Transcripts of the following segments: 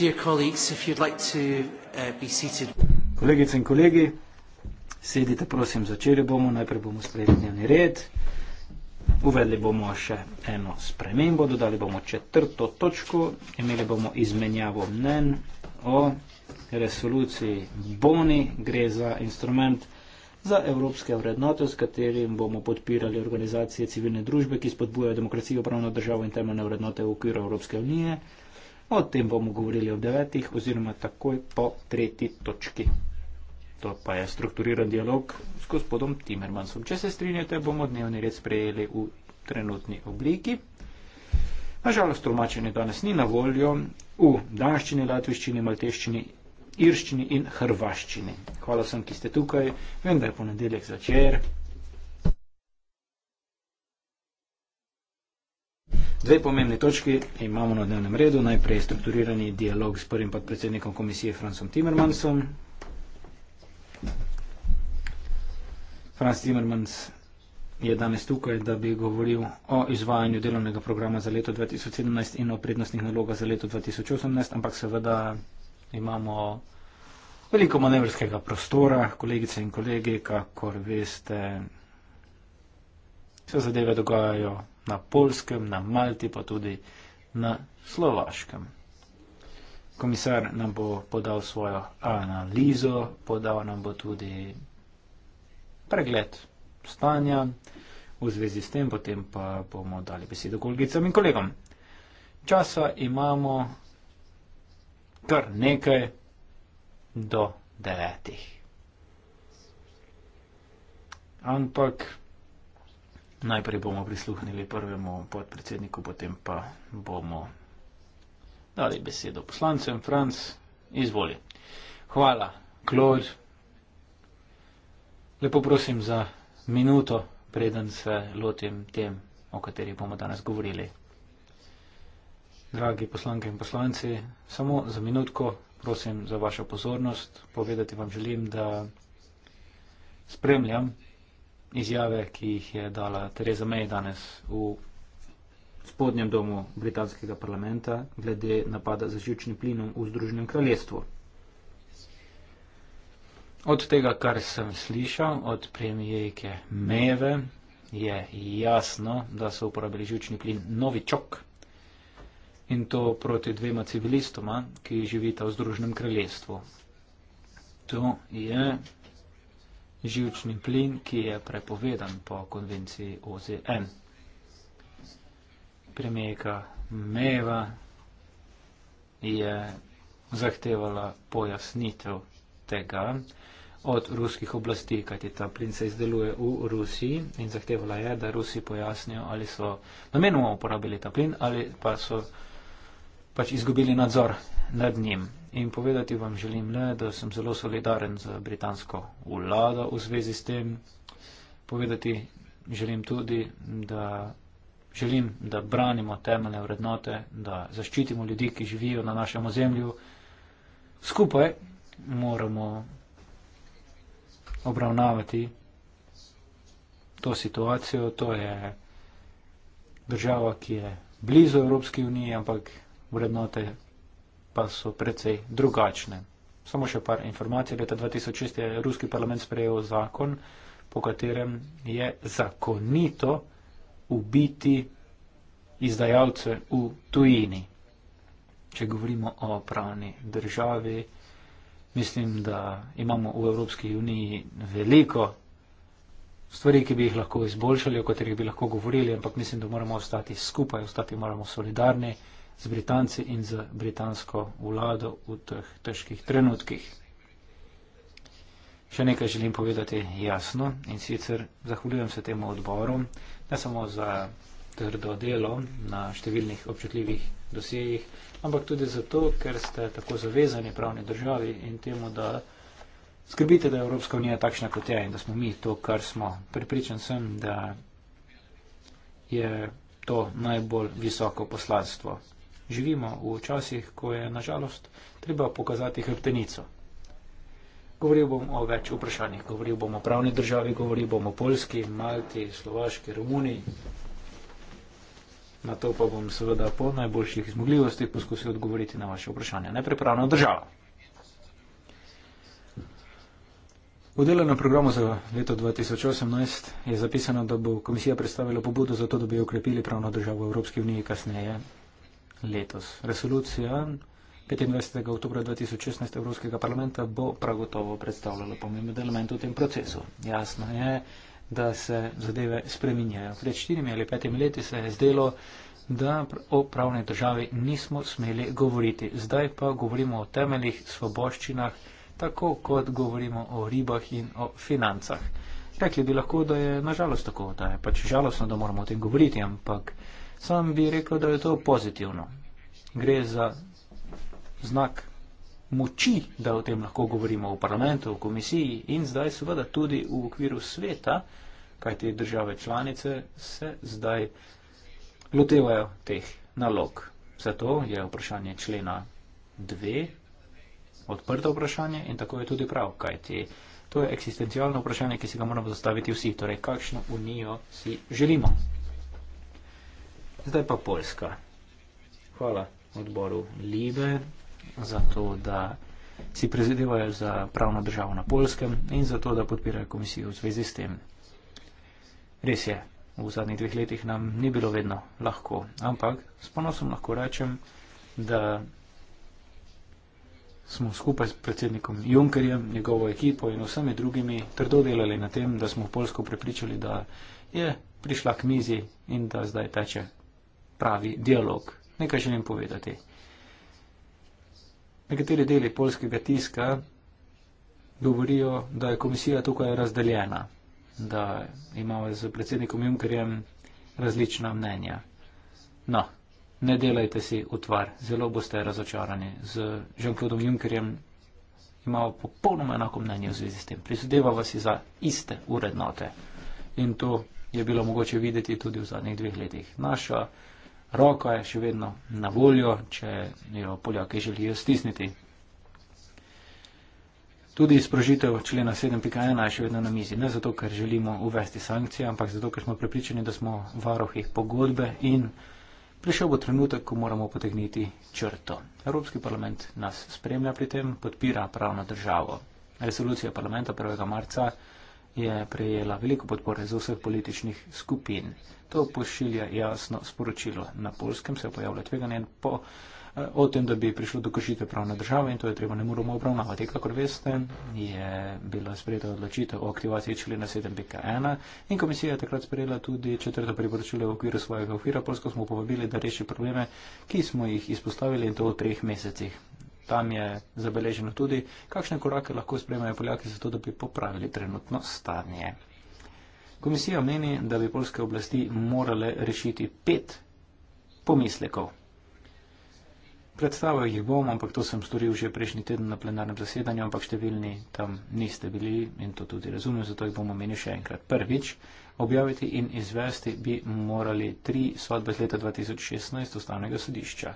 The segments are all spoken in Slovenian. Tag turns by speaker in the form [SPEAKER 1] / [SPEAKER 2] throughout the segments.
[SPEAKER 1] Uh, Kolegice in kolegi, sedite prosim, začeli bomo, najprej bomo sprejeli dnevni red, uvedli bomo še eno spremembo, dodali bomo četrto točko, imeli bomo izmenjavo mnen o resoluciji Boni, gre za instrument za evropske vrednote, s katerim bomo podpirali organizacije civilne družbe, ki spodbujajo demokracijo, pravno državo in temeljne vrednote v okviru Evropske unije. O tem bomo govorili ob devetih oziroma takoj po tretji točki. To pa je strukturiran dialog s gospodom Timermansom. Če se strinjate, bomo dnevni red sprejeli v trenutni obliki. Nažalost, tolmačenje danes ni na voljo v danščini, latviščini, malteščini, irščini in hrvaščini. Hvala vsem, ki ste tukaj. Vem, da je ponedeljek začer. Dve pomembni točki imamo na dnevnem redu. Najprej je strukturirani dialog s prvim podpredsednikom komisije Francom Timmermansom. Franz Timmermans je danes tukaj, da bi govoril o izvajanju delovnega programa za leto 2017 in o prednostnih nalogah za leto 2018, ampak seveda imamo veliko manevrskega prostora, kolegice in kolegi, kakor veste, se zadeve dogajajo na Polskem, na Malti, pa tudi na Slovaškem. Komisar nam bo podal svojo analizo, podal nam bo tudi pregled stanja v zvezi s tem, potem pa bomo dali besedo kolegicam in kolegom. Časa imamo kar nekaj do devetih. Ampak Najprej bomo prisluhnili prvemu podpredsedniku, potem pa bomo dali besedo poslancem. Franc, izvoli. Hvala, Klod. Lepo prosim za minuto, preden se lotim tem, o kateri bomo danes govorili. Dragi poslanke in poslanci, samo za minutko prosim za vašo pozornost. Povedati vam želim, da spremljam izjave, ki jih je dala Tereza May danes v spodnjem domu britanskega parlamenta glede napada za žilčnim plinom v Združenem kraljestvu. Od tega, kar sem slišal od premijejke Mejeve, je jasno, da so uporabili žilčni plin Novičok in to proti dvema civilistoma, ki živita v Združenem kraljestvu. To je živčni plin, ki je prepovedan po konvenciji OZN. Premijeka Meva je zahtevala pojasnitev tega od ruskih oblasti, kajti ta plin se izdeluje v Rusiji in zahtevala je, da Rusi pojasnijo, ali so namenoma uporabili ta plin ali pa so pač izgubili nadzor nad njim. In povedati vam želim le, da sem zelo solidaren z britansko vlado v zvezi s tem. Povedati želim tudi, da želim, da branimo temeljne vrednote, da zaščitimo ljudi, ki živijo na našem ozemlju. Skupaj moramo obravnavati to situacijo. To je država, ki je blizu Evropski uniji, ampak vrednote pa so precej drugačne. Samo še par informacij. Leta 2006 je ruski parlament sprejel zakon, po katerem je zakonito ubiti izdajalce v tujini. Če govorimo o pravni državi, mislim, da imamo v Evropski uniji veliko stvari, ki bi jih lahko izboljšali, o katerih bi lahko govorili, ampak mislim, da moramo ostati skupaj, ostati moramo solidarni z Britanci in z britansko vlado v teh težkih trenutkih. Še nekaj želim povedati jasno in sicer zahvaljujem se temu odboru, ne samo za trdo delo na številnih občutljivih dosejih, ampak tudi zato, ker ste tako zavezani pravni državi in temu, da skrbite, da je Evropska unija takšna kot je in da smo mi to, kar smo. Pripričan sem, da je to najbolj visoko poslanstvo živimo v časih, ko je nažalost treba pokazati hrbtenico. Govoril bom o več vprašanjih, govoril bom o pravni državi, govoril bom o Polski, Malti, Slovaški, Romuniji. Na to pa bom seveda po najboljših zmogljivostih poskusil odgovoriti na vaše vprašanje. Najprej pravna država. V delovnem programu za leto 2018 je zapisano, da bo komisija predstavila pobudo za to, da bi okrepili pravno državo v Evropski uniji kasneje letos. Resolucija 25. oktober 2016 Evropskega parlamenta bo prav gotovo predstavljala pomemben element v tem procesu. Jasno je, da se zadeve spreminjajo. Pred štirimi ali petimi leti se je zdelo, da o pravni državi nismo smeli govoriti. Zdaj pa govorimo o temeljih svoboščinah, tako kot govorimo o ribah in o financah. Rekli bi lahko, da je nažalost tako, da je pač žalostno, da moramo o tem govoriti, ampak. Sam bi rekel, da je to pozitivno. Gre za znak moči, da o tem lahko govorimo v parlamentu, v komisiji in zdaj seveda tudi v okviru sveta, kaj te države članice se zdaj lotevajo teh nalog. Zato je vprašanje člena 2 odprto vprašanje in tako je tudi prav, kaj te. To je eksistencialno vprašanje, ki si ga moramo zastaviti vsi, torej kakšno unijo si želimo. Zdaj pa Poljska. Hvala odboru Libe za to, da si prizadevajo za pravno državo na Poljskem in za to, da podpirajo komisijo v zvezi s tem. Res je, v zadnjih dveh letih nam ni bilo vedno lahko, ampak s ponosom lahko rečem, da smo skupaj s predsednikom Junkerjem, njegovo ekipo in vsemi drugimi trdo delali na tem, da smo v Polsko prepričali, da je prišla k mizi in da zdaj teče pravi dialog. Nekaj želim povedati. Nekateri deli polskega tiska govorijo, da je komisija tukaj razdeljena, da imamo z predsednikom Junkerjem različna mnenja. No, ne delajte si utvar, zelo boste razočarani. Z Jean-Claudom Junkerjem imamo popolnoma enako mnenje v zvezi s tem. Prisodevava si za iste urednote. In to je bilo mogoče videti tudi v zadnjih dveh letih. Naša roko je še vedno na voljo, če jo poljake želijo stisniti. Tudi sprožitev člena 7.1 je še vedno na mizi. Ne zato, ker želimo uvesti sankcije, ampak zato, ker smo prepričani, da smo varohih pogodbe in prišel bo trenutek, ko moramo potegniti črto. Evropski parlament nas spremlja pri tem, podpira pravno državo. Resolucija parlamenta 1. marca je prejela veliko podpore z vseh političnih skupin. To pošilja jasno sporočilo. Na polskem se pojavlja tveganje po, eh, o tem, da bi prišlo do kršitve pravne države in to je treba ne moramo obravnavati. Kakor veste, je bila sprejeta odločitev o aktivaciji člena 7.1 in komisija je takrat sprejela tudi četrto priporočilo v okviru svojega okvira. Polsko smo povabili, da reši probleme, ki smo jih izpostavili in to v treh mesecih tam je zabeleženo tudi, kakšne korake lahko sprejmejo Poljaki za to, da bi popravili trenutno stanje. Komisija meni, da bi polske oblasti morale rešiti pet pomislekov. Predstavil jih bom, ampak to sem storil že prejšnji teden na plenarnem zasedanju, ampak številni tam niste bili in to tudi razumem, zato jih bom omenil še enkrat. Prvič, objaviti in izvesti bi morali tri sodbe z leta 2016 ustavnega sodišča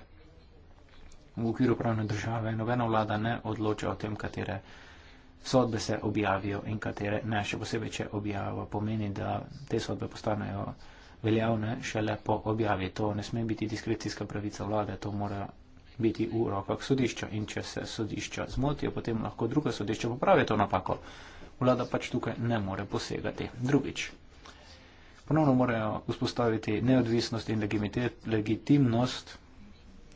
[SPEAKER 1] v okviru pravne države nobena vlada ne odloča o tem, katere sodbe se objavijo in katere ne, še posebej, če objava pomeni, da te sodbe postanejo veljavne šele po objavi. To ne sme biti diskrecijska pravica vlade, to mora biti v rokah sodišča in če se sodišča zmotijo, potem lahko druga sodišča popravi to napako. Vlada pač tukaj ne more posegati. Drugič. Ponovno morajo vzpostaviti neodvisnost in legitimnost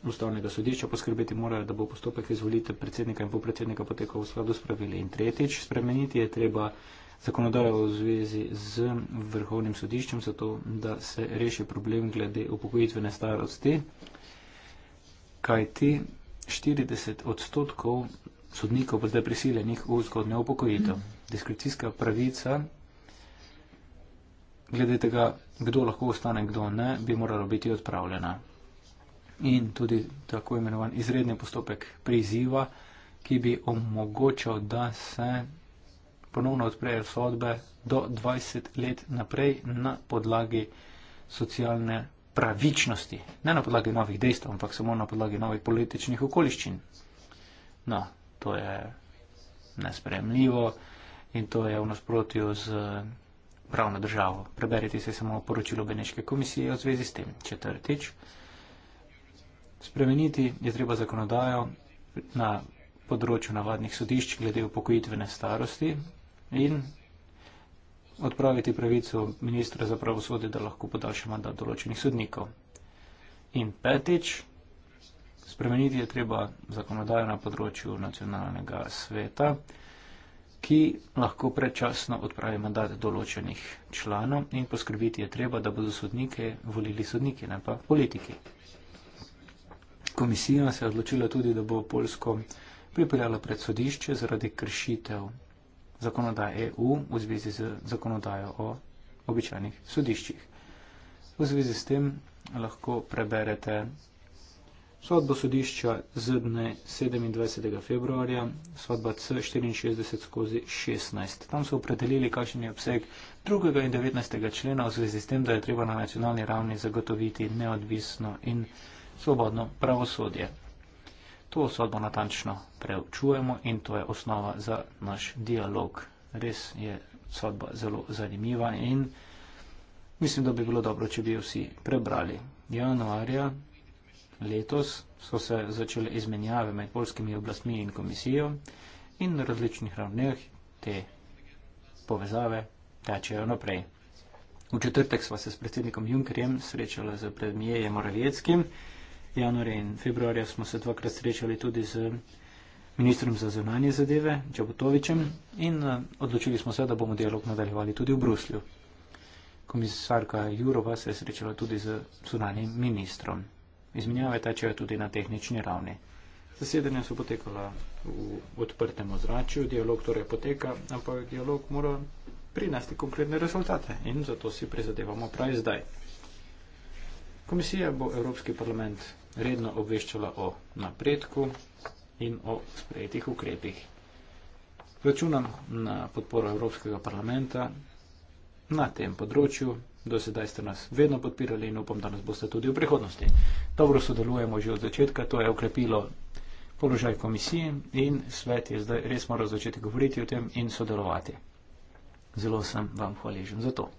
[SPEAKER 1] ustavnega sodišča poskrbeti morajo, da bo postopek izvolitev predsednika in popredsednika potekal v skladu s pravili. In tretjič, spremeniti je treba zakonodajo v zvezi z vrhovnim sodiščem, zato da se reši problem glede upokojitvene starosti, kajti 40 odstotkov sodnikov bo zdaj prisiljenih v zgodnjo upokojitev. Diskrecijska pravica glede tega, kdo lahko ostane, kdo ne, bi morala biti odpravljena in tudi tako imenovan izredni postopek priziva, ki bi omogočal, da se ponovno odprejo sodbe do 20 let naprej na podlagi socialne pravičnosti. Ne na podlagi novih dejstev, ampak samo na podlagi novih političnih okoliščin. No, to je nespremljivo in to je v nasprotju z pravno državo. Preberite se samo poročilo Beneške komisije v zvezi s tem četrtič. Spremeniti je treba zakonodajo na področju navadnih sodišč glede upokojitvene starosti in odpraviti pravico ministra za pravosodje, da lahko podaljša mandat določenih sodnikov. In petič, spremeniti je treba zakonodajo na področju nacionalnega sveta, ki lahko predčasno odpravi mandat določenih članov in poskrbiti je treba, da bodo sodnike volili sodniki, ne pa politiki. Komisija se je odločila tudi, da bo Polsko pripeljala pred sodišče zaradi kršitev zakonodaje EU v zvezi z zakonodajo o običajnih sodiščih. V zvezi s tem lahko preberete sodbo sodišča z dne 27. februarja, sodba C64 skozi 16. Tam so opredelili, kakšen je obseg 2. in 19. člena v zvezi s tem, da je treba na nacionalni ravni zagotoviti neodvisno in neodvisno svobodno pravosodje. To sodbo natančno preučujemo in to je osnova za naš dialog. Res je sodba zelo zanimiva in mislim, da bi bilo dobro, če bi jo vsi prebrali. Januarja letos so se začele izmenjave med polskimi oblastmi in komisijo in na različnih ravneh te povezave tečejo naprej. V četrtek sva se s predsednikom Junkerjem srečala z predmijejem Moravjeckim januarja in februarja smo se dvakrat srečali tudi z ministrom za zunanje zadeve, Džabotovičem, in eh, odločili smo se, da bomo dialog nadaljevali tudi v Bruslju. Komisarka Jurova se je srečala tudi z zunanjem ministrom. Izmenjave tečejo tudi na tehnični ravni. Zasedanja so potekala v odprtem ozračju, dialog torej poteka, ampak dialog mora prinesti konkretne rezultate in zato si prizadevamo prav zdaj. Komisija bo Evropski parlament redno obveščala o napredku in o sprejetih ukrepih. Računam na podporo Evropskega parlamenta na tem področju. Do sedaj ste nas vedno podpirali in upam, da nas boste tudi v prihodnosti. Dobro sodelujemo že od začetka, to je ukrepilo položaj komisije in svet je zdaj res moral začeti govoriti o tem in sodelovati. Zelo sem vam hvaležen za to.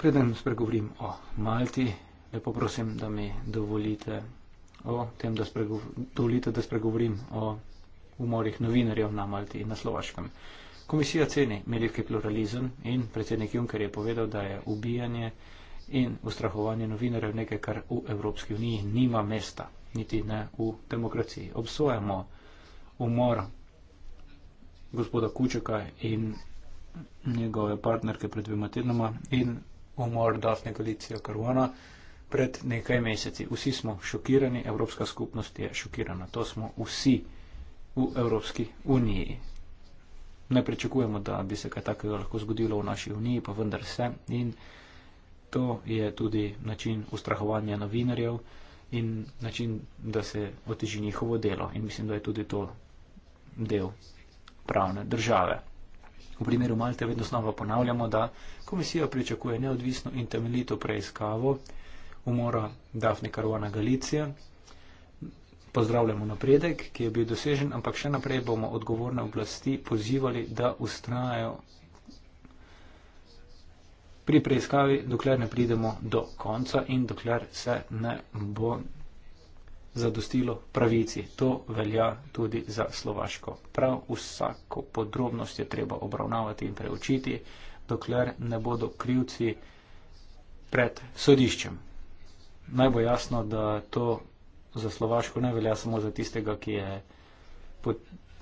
[SPEAKER 1] Preden spregovorim o Malti, lepo prosim, da mi dovolite o tem, da, spregovor, dovolite, da spregovorim o umorih novinarjev na Malti in na Slovaškem. Komisija ceni medijski pluralizem in predsednik Juncker je povedal, da je ubijanje in ustrahovanje novinarjev nekaj, kar v Evropski uniji nima mesta, niti ne v demokraciji. Obsojamo umor gospoda Kučeka in njegove partnerke pred dvema tednoma in umor Dafne Galicija Karuana pred nekaj meseci. Vsi smo šokirani, Evropska skupnost je šokirana. To smo vsi v Evropski uniji. Ne pričakujemo, da bi se kaj takega lahko zgodilo v naši uniji, pa vendar se. In to je tudi način ustrahovanja novinarjev in način, da se oteži njihovo delo. In mislim, da je tudi to del pravne države. V primeru Malte vedno znova ponavljamo, da komisija pričakuje neodvisno in temeljito preiskavo, umora Dafne Karuana Galicije. Pozdravljamo napredek, ki je bil dosežen, ampak še naprej bomo odgovorne oblasti pozivali, da ustrajajo pri preiskavi, dokler ne pridemo do konca in dokler se ne bo zadostilo pravici. To velja tudi za Slovaško. Prav vsako podrobnost je treba obravnavati in preučiti, dokler ne bodo krivci pred sodiščem naj bo jasno, da to za Slovaško ne velja samo za tistega, ki je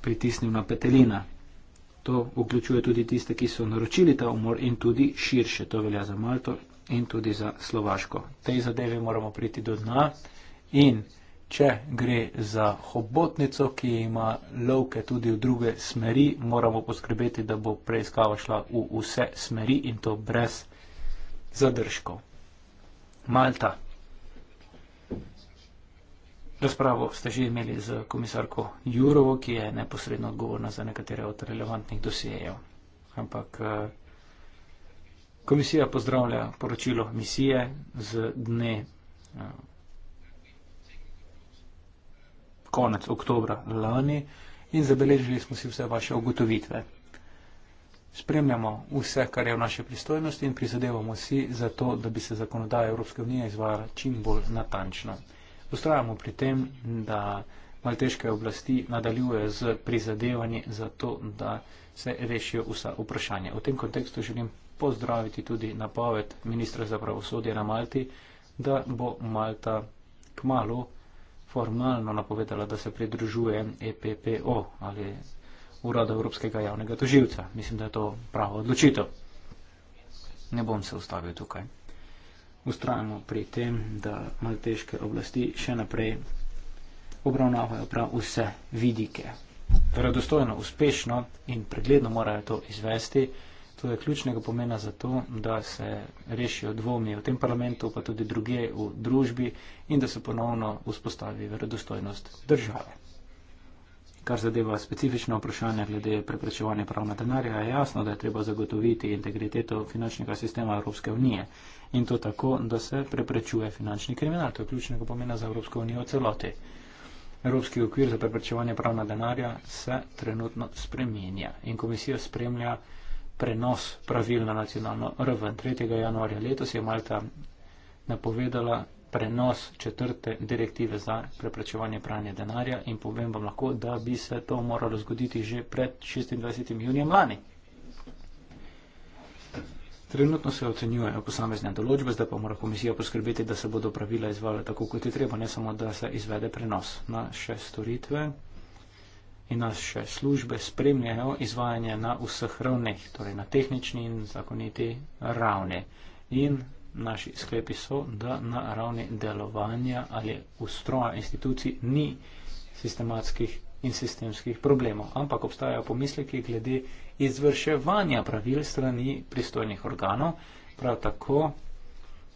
[SPEAKER 1] pritisnil na petelina. To vključuje tudi tiste, ki so naročili ta umor in tudi širše. To velja za Malto in tudi za Slovaško. Tej zadevi moramo priti do dna in če gre za hobotnico, ki ima lovke tudi v druge smeri, moramo poskrbeti, da bo preiskava šla v vse smeri in to brez zadržkov. Malta. Razpravo ste že imeli z komisarko Jurovo, ki je neposredno odgovorna za nekatere od relevantnih dosijejev. Ampak eh, komisija pozdravlja poročilo misije z dne eh, konec oktobra lani in zabeležili smo si vse vaše ugotovitve. Spremljamo vse, kar je v naši pristojnosti in prizadevamo si za to, da bi se zakonodaja Evropske unije izvajala čim bolj natančno. Ustrajamo pri tem, da malteške oblasti nadaljuje z prizadevanji za to, da se rešijo vsa vprašanja. V tem kontekstu želim pozdraviti tudi napoved ministra za pravosodje na Malti, da bo Malta kmalo formalno napovedala, da se pridružuje EPPO ali Urada Evropskega javnega toživca. Mislim, da je to prava odločitev. Ne bom se ustavil tukaj ustrajamo pri tem, da malteške oblasti še naprej obravnavajo prav vse vidike. Verodostojno, uspešno in pregledno morajo to izvesti. To je ključnega pomena za to, da se rešijo dvomi v tem parlamentu, pa tudi druge v družbi in da se ponovno vzpostavi verodostojnost države kar zadeva specifično vprašanje glede preprečevanja pravna denarja, je jasno, da je treba zagotoviti integriteto finančnega sistema Evropske unije in to tako, da se preprečuje finančni kriminal. To je ključnega pomena za Evropsko unijo celoti. Evropski okvir za preprečevanje pravna denarja se trenutno spremenja in komisija spremlja prenos pravil na nacionalno raven. 3. januarja letos je Malta napovedala prenos četrte direktive za preprečevanje pranja denarja in povem vam lahko, da bi se to moralo zgoditi že pred 26. junijem lani. Trenutno se ocenjujejo posamezne določbe, zdaj pa mora komisija poskrbeti, da se bodo pravila izvale tako, kot je treba, ne samo, da se izvede prenos na še storitve in nas še službe spremljajo izvajanje na vseh ravneh, torej na tehnični in zakoniti ravni. In naši sklepi so, da na ravni delovanja ali ustroja institucij ni sistematskih in sistemskih problemov, ampak obstajajo pomisleki glede izvrševanja pravil strani pristojnih organov, prav tako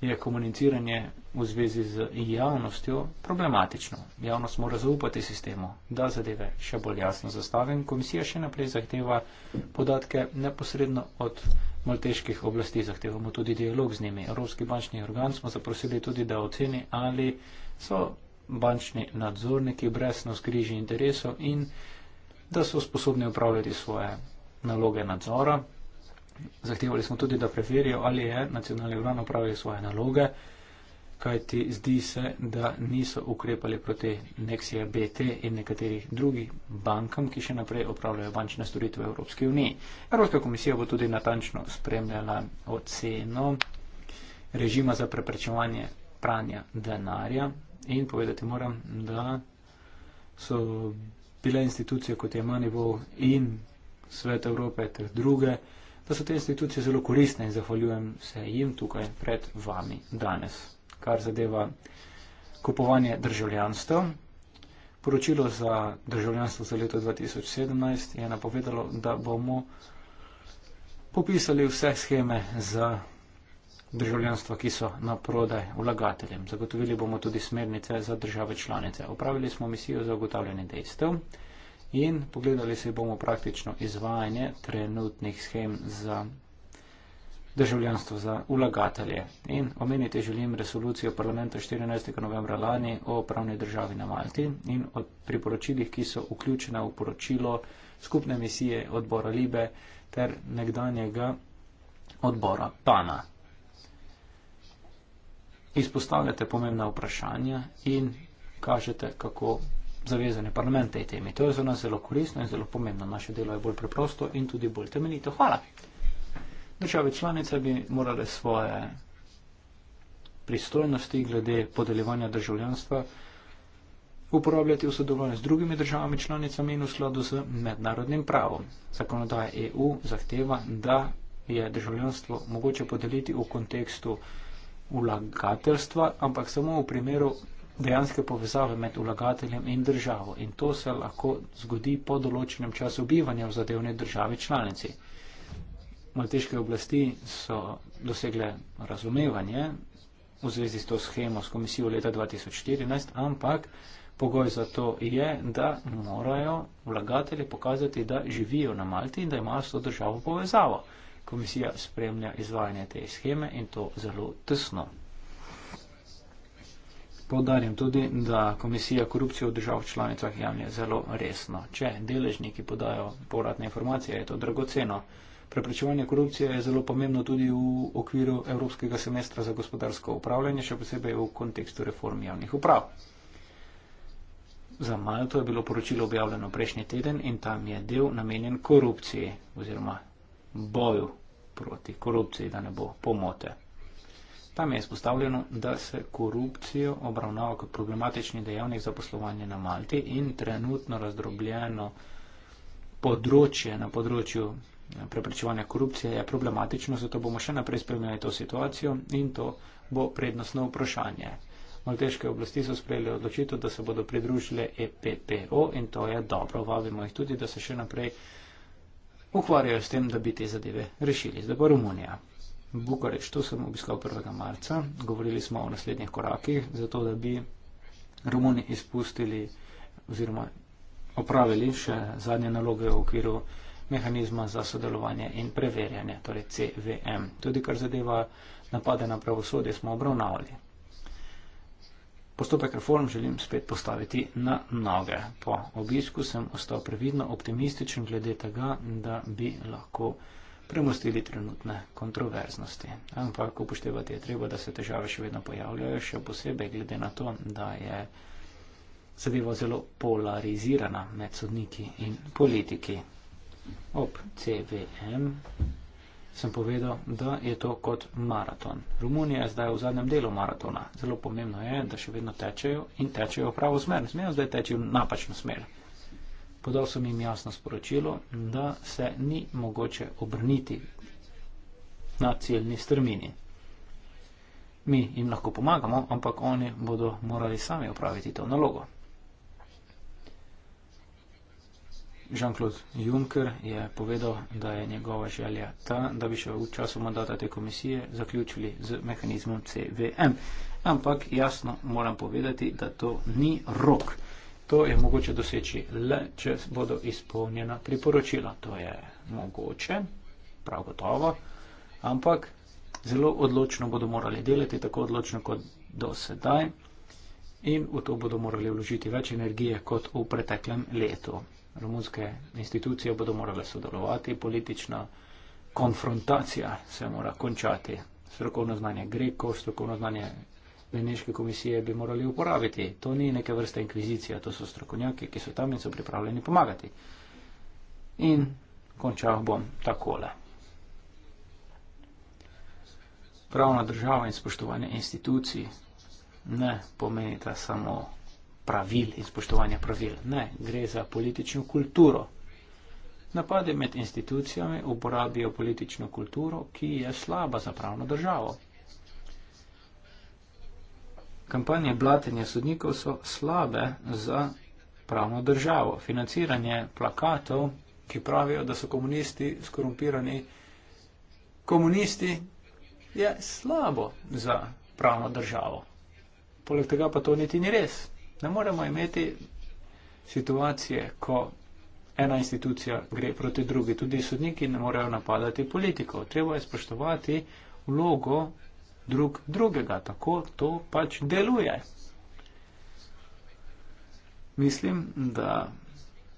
[SPEAKER 1] je komuniciranje v zvezi z javnostjo problematično. Javnost mora zaupati sistemu, da zadeve še bolj jasno zastavim. Komisija še naprej zahteva podatke neposredno od malteških oblasti, zahtevamo tudi dialog z njimi. Evropski bančni organ smo zaprosili tudi, da oceni, ali so bančni nadzorniki brez noskriži interesov in da so sposobni upravljati svoje naloge nadzora, Zahtevali smo tudi, da preverijo, ali je nacionalni organ opravil svoje naloge, kajti zdi se, da niso ukrepali proti Nexia BT in nekaterih drugih bankam, ki še naprej opravljajo bančne storitve v Evropski uniji. Evropska komisija bo tudi natančno spremljala oceno režima za preprečevanje pranja denarja in povedati moram, da so bile institucije kot je Manivov in Svet Evrope ter druge, da so te institucije zelo koristne in zahvaljujem se jim tukaj pred vami danes. Kar zadeva kupovanje državljanstva, poročilo za državljanstvo za leto 2017 je napovedalo, da bomo popisali vse scheme za državljanstva, ki so na prodaj vlagateljem. Zagotovili bomo tudi smernice za države članice. Opravili smo misijo za ugotavljanje dejstev in pogledali si bomo praktično izvajanje trenutnih schem za državljanstvo za vlagatelje. In omeniti želim resolucijo parlamenta 14. novembra lani o pravni državi na Malti in o priporočilih, ki so vključena v poročilo skupne misije odbora Libe ter nekdanjega odbora PANA. Izpostavljate pomembna vprašanja in kažete, kako zavezane parlamente in temi. To je za nas zelo korisno in zelo pomembno. Naše delo je bolj preprosto in tudi bolj temeljito. Hvala. Države članice bi morale svoje pristojnosti glede podeljevanja državljanstva uporabljati v sodelovanju z drugimi državami članicami in v skladu z mednarodnim pravom. Zakonodaja EU zahteva, da je državljanstvo mogoče podeliti v kontekstu vlagateljstva, ampak samo v primeru dejanske povezave med ulagateljem in državo. In to se lahko zgodi po določenem času bivanja v zadevni državi članici. Malteške oblasti so dosegle razumevanje v zvezi s to schemo s komisijo leta 2014, ampak pogoj za to je, da morajo vlagatelje pokazati, da živijo na Malti in da imajo s to državo povezavo. Komisija spremlja izvajanje te scheme in to zelo tesno. Podarjam tudi, da komisija korupcijo v državah članicah jemlje zelo resno. Če deležniki podajo povratne informacije, je to dragoceno. Preprečevanje korupcije je zelo pomembno tudi v okviru Evropskega semestra za gospodarsko upravljanje, še posebej v kontekstu reform javnih uprav. Za Malto je bilo poročilo objavljeno prejšnji teden in tam je del namenjen korupciji oziroma boju proti korupciji, da ne bo pomote. Tam je izpostavljeno, da se korupcijo obravnava kot problematični dejavnik za poslovanje na Malti in trenutno razdrobljeno področje na področju eh, preprečevanja korupcije je problematično, zato bomo še naprej spremljali to situacijo in to bo prednostno vprašanje. Malteške oblasti so sprejeli odločitev, da se bodo pridružile EPPO in to je dobro. Vabimo jih tudi, da se še naprej ukvarjajo s tem, da bi te zadeve rešili. Zdaj pa Romunija. V Bukareštu sem obiskal 1. marca, govorili smo o naslednjih korakih, zato da bi Romuni izpustili oziroma opravili še zadnje naloge v okviru mehanizma za sodelovanje in preverjanje, torej CVM. Tudi kar zadeva napade na pravosodje smo obravnavali. Postopek reform želim spet postaviti na noge. Po obisku sem ostal previdno optimističen glede tega, da bi lahko premustili trenutne kontroverznosti. Ampak upoštevati je treba, da se težave še vedno pojavljajo, še posebej glede na to, da je zadeva zelo polarizirana med sodniki in politiki. Ob CVM sem povedal, da je to kot maraton. Romunija je zdaj v zadnjem delu maratona. Zelo pomembno je, da še vedno tečejo in tečejo v pravo smer. Smejo zdaj teči v napačno smer podal sem jim jasno sporočilo, da se ni mogoče obrniti na ciljni strmini. Mi jim lahko pomagamo, ampak oni bodo morali sami opraviti to nalogo. Jean-Claude Juncker je povedal, da je njegova želja ta, da bi še v času mandata te komisije zaključili z mehanizmom CVM. Ampak jasno moram povedati, da to ni rok. To je mogoče doseči le, če bodo izpolnjena priporočila. To je mogoče, prav gotovo, ampak zelo odločno bodo morali delati, tako odločno kot do sedaj in v to bodo morali vložiti več energije kot v preteklem letu. Romunske institucije bodo morale sodelovati, politična konfrontacija se mora končati. Strokovno znanje Grekov, strokovno znanje Beneške komisije bi morali uporabiti. To ni neka vrsta inkvizicija, to so strokovnjaki, ki so tam in so pripravljeni pomagati. In končal bom takole. Pravna država in spoštovanje institucij ne pomenita samo pravil in spoštovanje pravil. Ne, gre za politično kulturo. Napade med institucijami uporabijo politično kulturo, ki je slaba za pravno državo. Kampanje blatenja sodnikov so slabe za pravno državo. Financiranje plakatov, ki pravijo, da so komunisti skorumpirani komunisti, je slabo za pravno državo. Poleg tega pa to niti ni res. Ne moremo imeti situacije, ko ena institucija gre proti drugi. Tudi sodniki ne morejo napadati politikov. Treba je spoštovati vlogo drug drugega. Tako to pač deluje. Mislim, da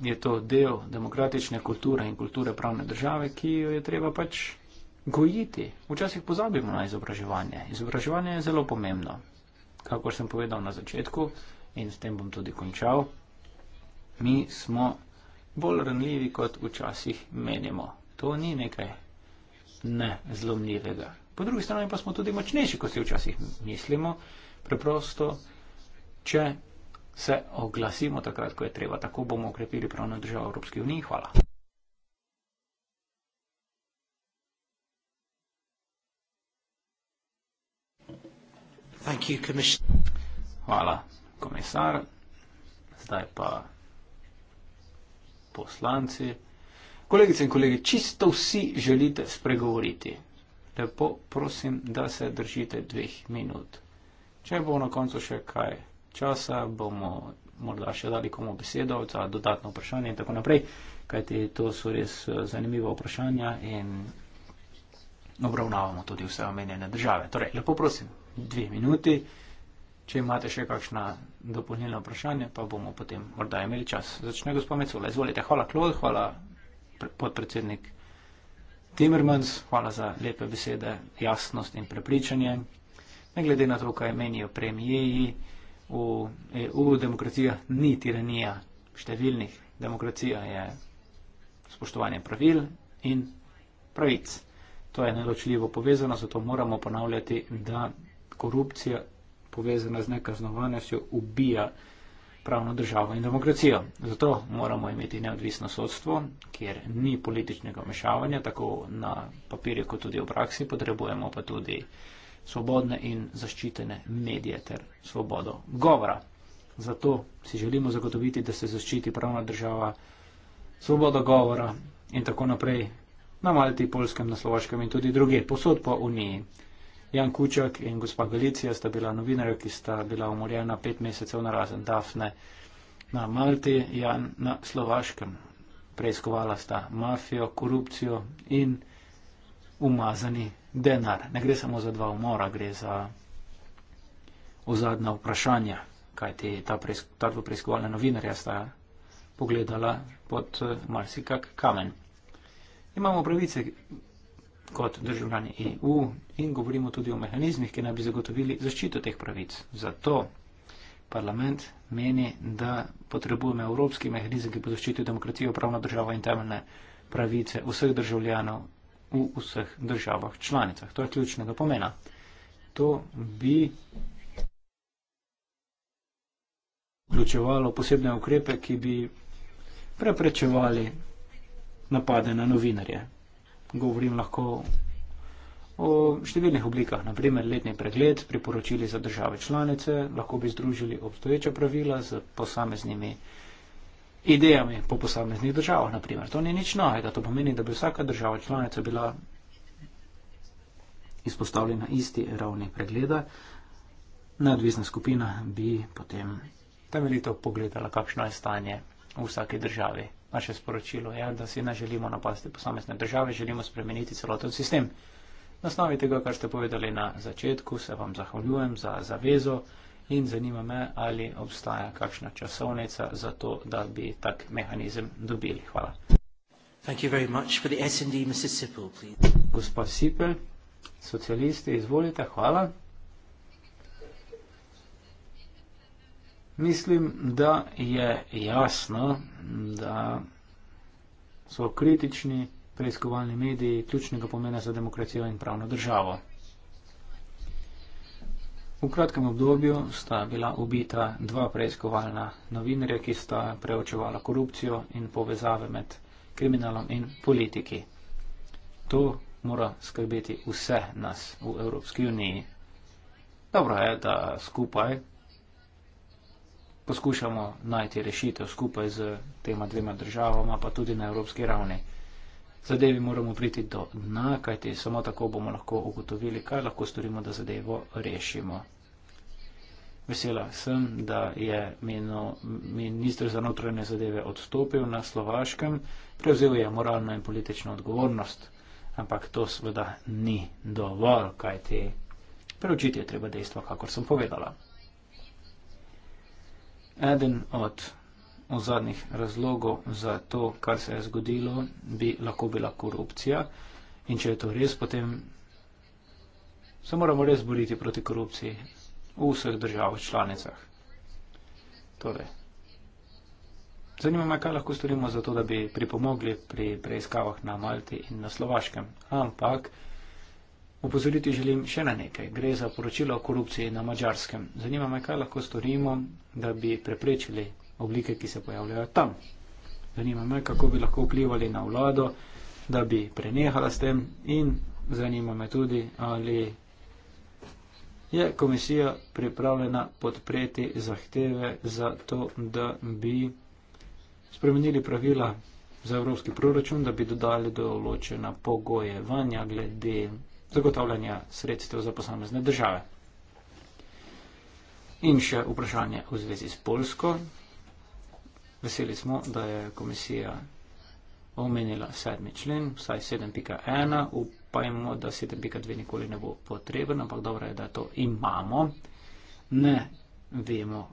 [SPEAKER 1] je to del demokratične kulture in kulture pravne države, ki jo je treba pač gojiti. Včasih pozabimo na izobraževanje. Izobraževanje je zelo pomembno. Kako sem povedal na začetku in s tem bom tudi končal, mi smo bolj ranljivi, kot včasih menimo. To ni nekaj nezlomljivega. Po drugi strani pa smo tudi močnejši, kot si včasih mislimo, preprosto, če se oglasimo takrat, ko je treba. Tako bomo okrepili pravno državo Evropske unije. Hvala. Hvala, komisar. Zdaj pa poslanci. Kolegice in kolegi, čisto vsi želite spregovoriti lepo prosim, da se držite dveh minut. Če bo na koncu še kaj časa, bomo morda še dali komu besedo za dodatno vprašanje in tako naprej, kajti to so res eh, zanimiva vprašanja in obravnavamo tudi vse omenjene države. Torej, lepo prosim, dve minuti. Če imate še kakšna dopolnilna vprašanja, pa bomo potem morda imeli čas. Začne gospod Mecola. Izvolite. Hvala, Klod. Hvala, podpredsednik. Timmermans, hvala za lepe besede, jasnost in prepričanje. Ne glede na to, kaj menijo premijeji, v EU demokracija ni tiranija številnih. Demokracija je spoštovanje pravil in pravic. To je neločljivo povezano, zato moramo ponavljati, da korupcija povezana z nekaznovanostjo ubija demokracijo pravno državo in demokracijo. Zato moramo imeti neodvisno sodstvo, kjer ni političnega vmešavanja, tako na papirju kot tudi v praksi, potrebujemo pa tudi svobodne in zaščitene medije ter svobodo govora. Zato si želimo zagotoviti, da se zaščiti pravna država, svoboda govora in tako naprej na Malti, Polskem, na Slovaškem in tudi druge posod po Uniji. Jan Kučak in gospa Galicija sta bila novinarja, ki sta bila umorjena pet mesecev na razen Dafne na Malti, Jan na Slovaškem. Preiskovala sta mafijo, korupcijo in umazani denar. Ne gre samo za dva umora, gre za ozadna vprašanja, kaj ti ta, preisk ta dva preiskovalna novinarja sta pogledala pod eh, marsikak kamen. Imamo pravice, kot državljani EU in govorimo tudi o mehanizmih, ki naj bi zagotovili zaščito teh pravic. Zato parlament meni, da potrebujemo evropski mehanizem, ki bo zaščitil demokracijo, pravno državo in temeljne pravice vseh državljanov v vseh državah članicah. To je ključnega pomena. To bi vključevalo posebne ukrepe, ki bi preprečevali napade na novinarje govorim lahko o številnih oblikah, naprimer letni pregled, priporočili za države članice, lahko bi združili obstoječa pravila z posameznimi idejami po posameznih državah, naprimer. To ni nič novega, to pomeni, da bi vsaka država članica bila izpostavljena isti ravni pregleda, neodvisna skupina bi potem temeljito pogledala, kakšno je stanje v vsaki državi naše sporočilo je, da si ne želimo napasti posamezne države, želimo spremeniti celoten sistem. Na osnovi tega, kar ste povedali na začetku, se vam zahvaljujem za zavezo in zanima me, ali obstaja kakšna časovnica za to, da bi tak mehanizem dobili. Hvala. Gospod Sipel, socialisti, izvolite, hvala. Mislim, da je jasno, da so kritični preiskovalni mediji ključnega pomena za demokracijo in pravno državo. V kratkem obdobju sta bila ubita dva preiskovalna novinarja, ki sta preočevala korupcijo in povezave med kriminalom in politiki. To mora skrbeti vse nas v Evropski uniji. Dobro je, da skupaj poskušamo najti rešitev skupaj z tema dvema državama, pa tudi na evropski ravni. Zadevi moramo priti do dna, kajti samo tako bomo lahko ugotovili, kaj lahko storimo, da zadevo rešimo. Vesela sem, da je ministr za notranje zadeve odstopil na Slovaškem, prevzel je moralno in politično odgovornost, ampak to sveda ni dovolj, kajti preučiti je treba dejstva, kakor sem povedala. Eden od ozadnjih razlogov za to, kar se je zgodilo, bi lahko bila korupcija. In če je to res, potem se moramo res boriti proti korupciji v vseh državah članicah. Torej, zanima me, kaj lahko storimo za to, da bi pripomogli pri preiskavah na Malti in na Slovaškem. Ampak, Upozoriti želim še na nekaj. Gre za poročilo o korupciji na mačarskem. Zanima me, kaj lahko storimo, da bi preprečili oblike, ki se pojavljajo tam. Zanima me, kako bi lahko vplivali na vlado, da bi prenehala s tem in zanima me tudi, ali je komisija pripravljena podpreti zahteve za to, da bi spremenili pravila za evropski proračun, da bi dodali določena pogoje vanja glede zagotavljanja sredstev za posamezne države. In še vprašanje v zvezi s Polsko. Veseli smo, da je komisija omenila sedmi člen, vsaj 7.1. Upajmo, da 7.2 nikoli ne bo potreben, ampak dobro je, da to imamo. Ne vemo,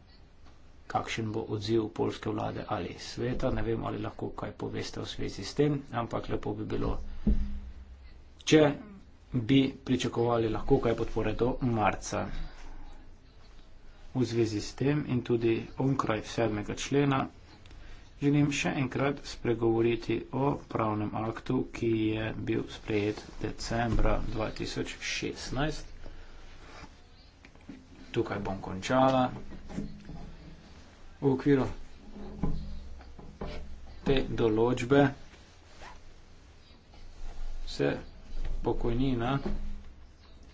[SPEAKER 1] kakšen bo odziv polske vlade ali sveta, ne vemo, ali lahko kaj poveste v zvezi s tem, ampak lepo bi bilo, če bi pričakovali lahko kaj podpore do marca. V zvezi s tem in tudi onkraj 7. člena želim še enkrat spregovoriti o pravnem aktu, ki je bil sprejet decembra 2016. Tukaj bom končala. V okviru te določbe se pokojnina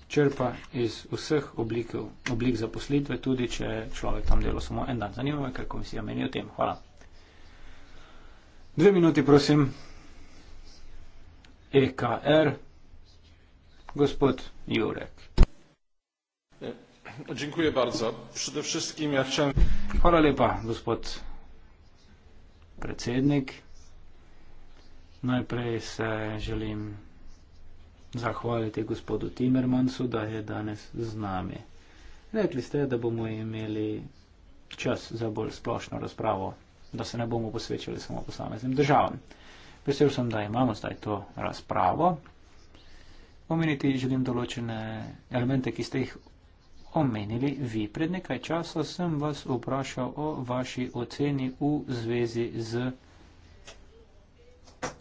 [SPEAKER 1] črpa iz vseh oblik, oblik zaposlitve, tudi če človek tam delo samo en dan. Zanima me, kaj komisija meni o tem. Hvala. Dve minuti, prosim. EKR, er. gospod Jurek. Dziękuję bardzo. Przede wszystkim ja chciałem... Hvala lepa, gospod predsednik. Najprej se želim zahvaliti gospodu Timermansu, da je danes z nami. Rekli ste, da bomo imeli čas za bolj splošno razpravo, da se ne bomo posvečali samo posameznim državam. Vesel sem, da imamo zdaj to razpravo. Omeniti želim določene elemente, ki ste jih omenili. Vi pred nekaj časa sem vas vprašal o vaši oceni v zvezi z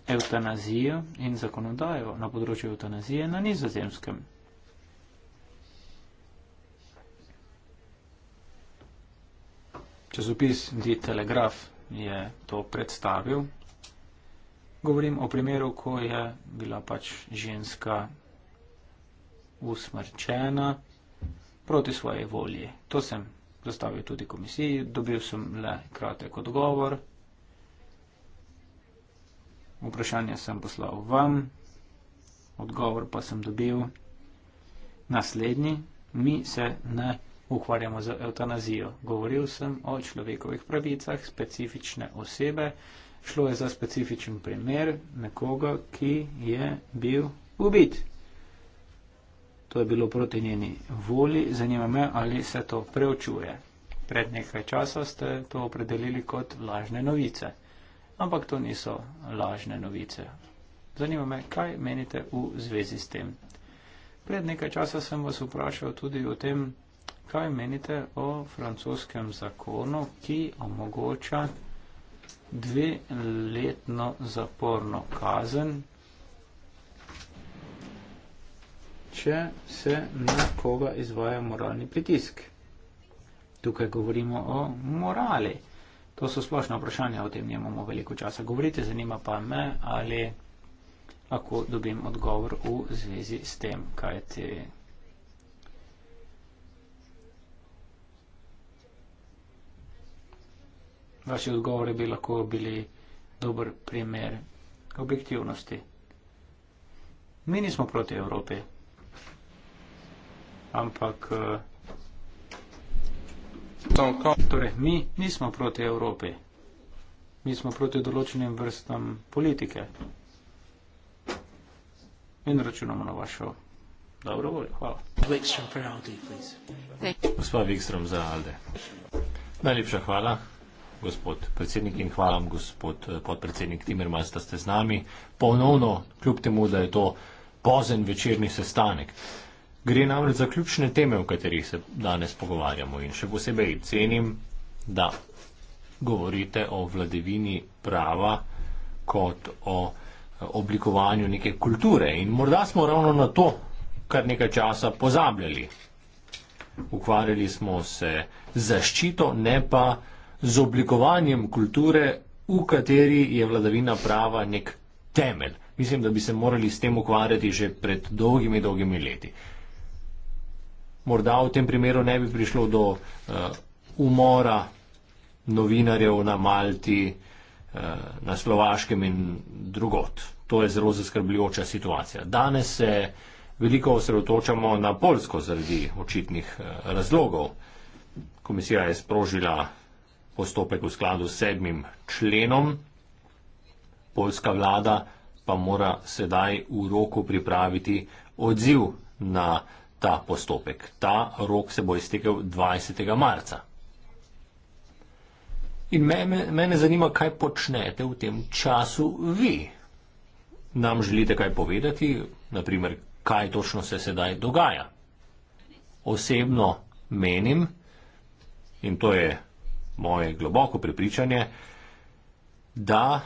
[SPEAKER 1] evtanazijo in zakonodajo na področju evtanazije na nizozemskem. Časopis The Telegraph je to predstavil. Govorim o primeru, ko je bila pač ženska usmrčena proti svoji volji. To sem zastavil tudi komisiji, dobil sem le kratek odgovor vprašanje sem poslal vam, odgovor pa sem dobil naslednji. Mi se ne ukvarjamo z eutanazijo. Govoril sem o človekovih pravicah specifične osebe. Šlo je za specifičen primer nekoga, ki je bil ubit. To je bilo proti njeni volji. Zanima me, ali se to preučuje. Pred nekaj časa ste to opredelili kot lažne novice ampak to niso lažne novice. Zanima me, kaj menite v zvezi s tem. Pred nekaj časa sem vas vprašal tudi o tem, kaj menite o francoskem zakonu, ki omogoča dve letno zaporno kazen, če se na koga izvaja moralni pritisk. Tukaj govorimo o morali. To so splošna vprašanja, o tem nimamo veliko časa govoriti, zanima pa me, ali lahko dobim odgovor v zvezi s tem, kaj ti. Vaši odgovori bi lahko bili dober primer objektivnosti. Mi nismo proti Evropi, ampak. Uh, Torej, mi nismo proti Evropi. Mi smo proti določenim vrstam politike. In računamo na vašo dobro voljo. Hvala. Gospod Wikström za Alde.
[SPEAKER 2] Najlepša hvala, gospod predsednik, in hvala vam, gospod eh, podpredsednik Timmermans, da ste z nami. Ponovno, kljub temu, da je to pozen večerni sestanek. Gre namreč za ključne teme, o katerih se danes pogovarjamo in še posebej cenim, da govorite o vladevini prava kot o eh, oblikovanju neke kulture in morda smo ravno na to kar nekaj časa pozabljali. Ukvarjali smo se z zaščito, ne pa z oblikovanjem kulture, v kateri je vladavina prava nek temelj. Mislim, da bi se morali s tem ukvarjati že pred dolgimi, dolgimi leti morda v tem primeru ne bi prišlo do uh, umora novinarjev na Malti, uh, na Slovaškem in drugot. To je zelo zaskrbljujoča situacija. Danes se veliko osredotočamo na Polsko zaradi očitnih uh, razlogov. Komisija je sprožila postopek v skladu s sedmim členom. Polska vlada pa mora sedaj v roku pripraviti odziv na ta postopek. Ta rok se bo iztekel 20. marca. In mene, mene zanima, kaj počnete v tem času vi. Nam želite kaj povedati, naprimer, kaj točno se sedaj dogaja. Osebno menim, in to je moje globoko prepričanje, da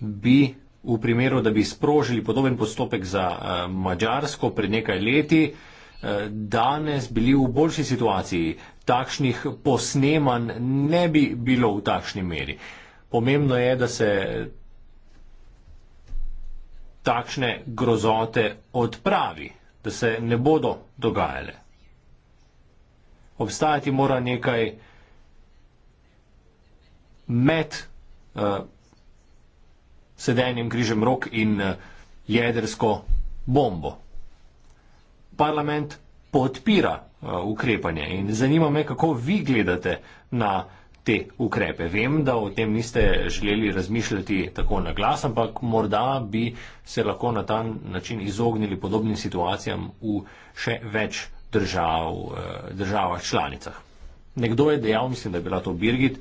[SPEAKER 2] bi v primeru, da bi sprožili podoben postopek za uh, eh, Mačarsko pred nekaj leti, uh, danes bili v boljši situaciji. Takšnih posnemanj ne bi bilo v takšni meri. Pomembno je, da se takšne grozote odpravi, da se ne bodo dogajale. Obstajati mora nekaj med uh, sedenjem križem rok in eh, jedrsko bombo. Parlament podpira eh, ukrepanje in zanima me, kako vi gledate na te ukrepe. Vem, da o tem niste želeli razmišljati tako na glas, ampak morda bi se lahko na ta način izognili podobnim situacijam v še več držav, eh, državah članicah. Nekdo je dejal, mislim, da je bila to Birgit,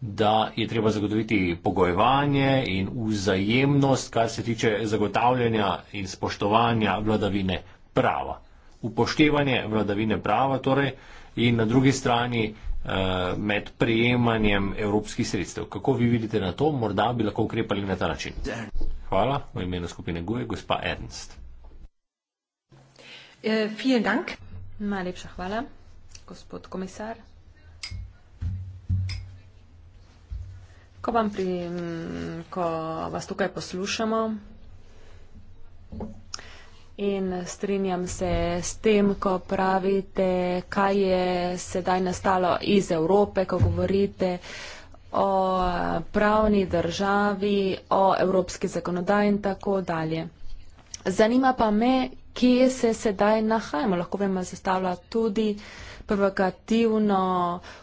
[SPEAKER 2] da je treba zagotoviti pogojevanje in vzajemnost, kar se tiče zagotavljanja in spoštovanja vladavine prava. Upoštevanje vladavine prava torej in na drugi strani eh, med prejemanjem evropskih sredstev. Kako vi vidite na to? Morda bi lahko ukrepali na ta način. Hvala. V imenu skupine GUE, gospa Ernst.
[SPEAKER 3] Eh, Najlepša hvala, gospod komisar. Ko, vam pri, ko vas tukaj poslušamo in strinjam se s tem, ko pravite, kaj je sedaj nastalo iz Evrope, ko govorite o pravni državi, o evropski zakonodaji in tako dalje. Zanima pa me, kje se sedaj nahajamo. Lahko vem, da zastavlja tudi provokativno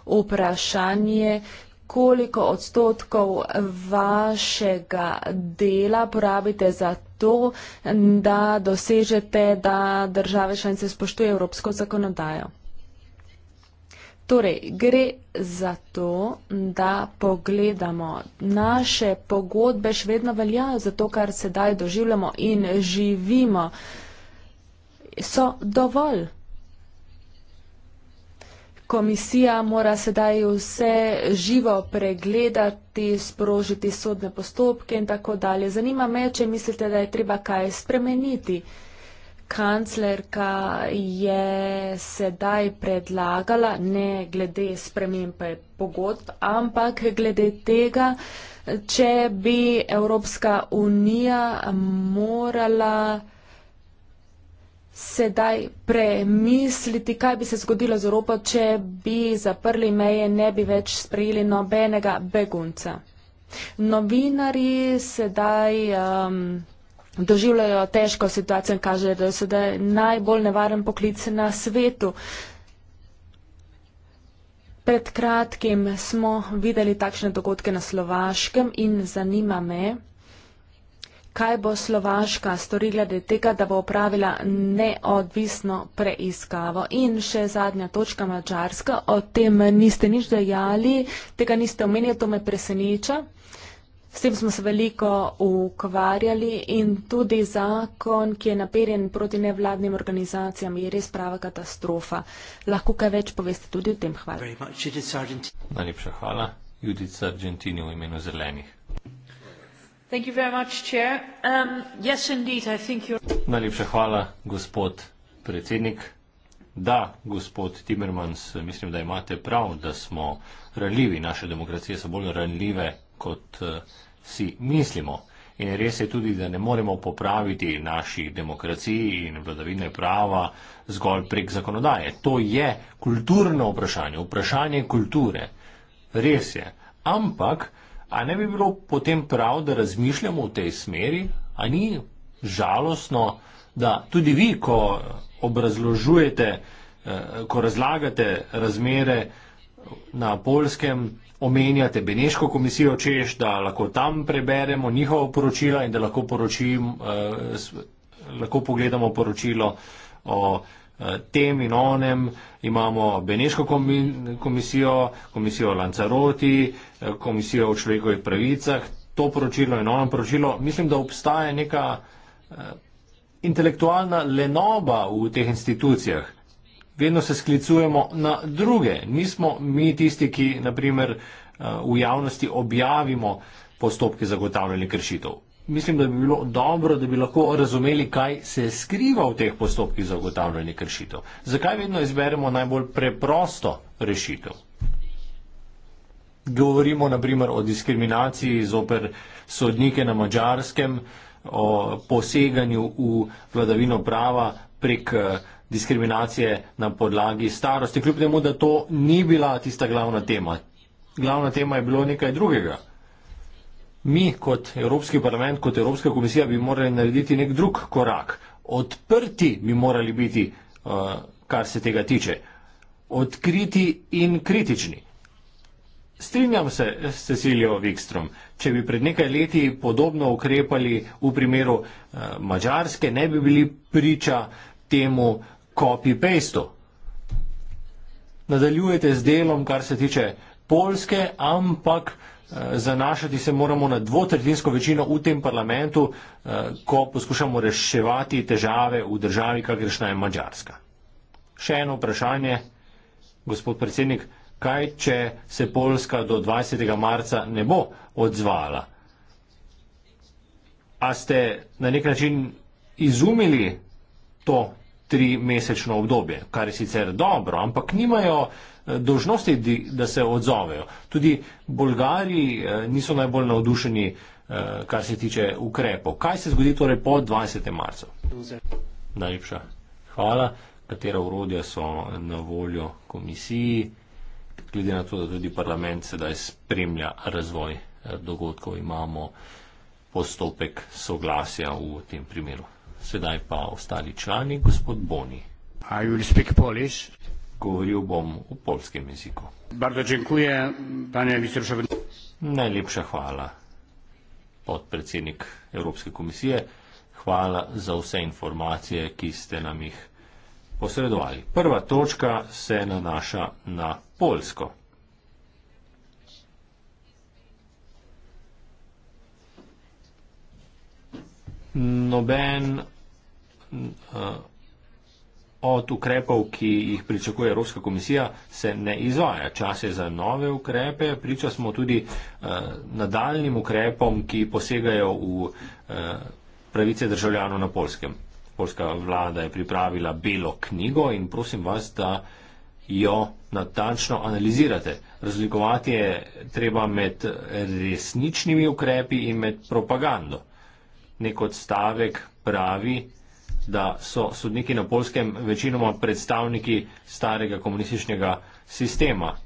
[SPEAKER 3] vprašanje, koliko odstotkov vašega dela porabite za to, da dosežete, da države članice spoštujejo evropsko zakonodajo. Torej, gre za to, da pogledamo, naše pogodbe še vedno veljajo za to, kar sedaj doživljamo in živimo. So dovolj Komisija mora sedaj vse živo pregledati, sprožiti sodne postopke in tako dalje. Zanima me, če mislite, da je treba kaj spremeniti. Kanclerka je sedaj predlagala, ne glede spremembe pogodb, ampak glede tega, če bi Evropska unija morala sedaj premisliti, kaj bi se zgodilo z Evropo, če bi zaprli meje, ne bi več sprejeli nobenega begunca. Novinari sedaj um, doživljajo težko situacijo in kaže, da je sedaj najbolj nevaren poklic na svetu. Pred kratkim smo videli takšne dogodke na Slovaškem in zanima me, kaj bo Slovaška storila do tega, da bo upravila neodvisno preiskavo. In še zadnja točka Mačarska, o tem niste nič dejali, tega niste omenili, to me preseneča. S tem smo se veliko ukvarjali in tudi zakon, ki je naperjen proti nevladnim organizacijam, je res prava katastrofa. Lahko kaj več poveste tudi o tem. Hvala.
[SPEAKER 2] Najlepša hvala. Judica Argentini v imenu zelenih.
[SPEAKER 3] Um,
[SPEAKER 2] Najlepša hvala, gospod predsednik. Da, gospod Timmermans, mislim, da imate prav, da smo ranljivi, naše demokracije so bolj ranljive, kot eh, si mislimo. In res je tudi, da ne moremo popraviti naših demokracij in vladavine prava zgolj prek zakonodaje. To je kulturno vprašanje, vprašanje kulture. Res je. Ampak, A ne bi bilo potem prav, da razmišljamo v tej smeri, a ni žalostno, da tudi vi, ko obrazložujete, eh, ko razlagate razmere na polskem, omenjate Beneško komisijo, češ, da lahko tam preberemo njihovo poročilo in da lahko, poročim, eh, lahko pogledamo poročilo o eh, tem in onem. Imamo Beneško komisijo, komisijo Lancaroti, eh, Eh, komisijo o človekovih pravicah, to poročilo in ono poročilo. Mislim, da obstaja neka eh, intelektualna lenoba v teh institucijah. Vedno se sklicujemo na druge. Nismo mi tisti, ki naprimer eh, v javnosti objavimo postopke zagotavljanja kršitev. Mislim, da bi bilo dobro, da bi lahko razumeli, kaj se skriva v teh postopkih zagotavljanja kršitev. Zakaj vedno izberemo najbolj preprosto rešitev? Govorimo naprimer o diskriminaciji zoper sodnike na Mačarskem, o poseganju v vladavino prava prek eh, diskriminacije na podlagi starosti, kljub temu, da to ni bila tista glavna tema. Glavna tema je bilo nekaj drugega. Mi kot Evropski parlament, kot Evropska komisija bi morali narediti nek drug korak. Odprti bi morali biti, eh, kar se tega tiče. Odkriti in kritični. Strinjam se s Cecilijo Wikstrom. Če bi pred nekaj leti podobno ukrepali v primeru eh, Mačarske, ne bi bili priča temu copy-paste. Nadaljujete z delom, kar se tiče Polske, ampak eh, zanašati se moramo na dvotretinsko večino v tem parlamentu, eh, ko poskušamo reševati težave v državi, kakršna je Mačarska. Še eno vprašanje, gospod predsednik kaj če se Poljska do 20. marca ne bo odzvala. A ste na nek način izumili to tri mesečno obdobje, kar je sicer dobro, ampak nimajo eh, dožnosti, da se odzovejo. Tudi Bolgari eh, niso najbolj navdušeni, eh, kar se tiče ukrepov. Kaj se zgodi torej po 20. marcu? Najlepša hvala. Katera urodja so na voljo komisiji? glede na to, da tudi parlament sedaj spremlja razvoj eh, dogodkov, imamo postopek soglasja v tem primeru. Sedaj pa ostali člani, gospod Boni. Govoril bom v polskem jeziku. Dziękuję, panie Najlepša hvala, podpredsednik Evropske komisije. Hvala za vse informacije, ki ste nam jih posredovali. Prva točka se nanaša na Poljsko. Noben uh, od ukrepov, ki jih pričakuje Evropska komisija, se ne izvaja. Čas je za nove ukrepe. Priča smo tudi uh, eh, nadaljnim ukrepom, ki posegajo v uh, pravice državljanov na polskem polska vlada je pripravila belo knjigo in prosim vas, da jo natančno analizirate. Razlikovati je treba med resničnimi ukrepi in med propagando. Nek odstavek pravi, da so sodniki na polskem večinoma predstavniki starega komunističnega sistema,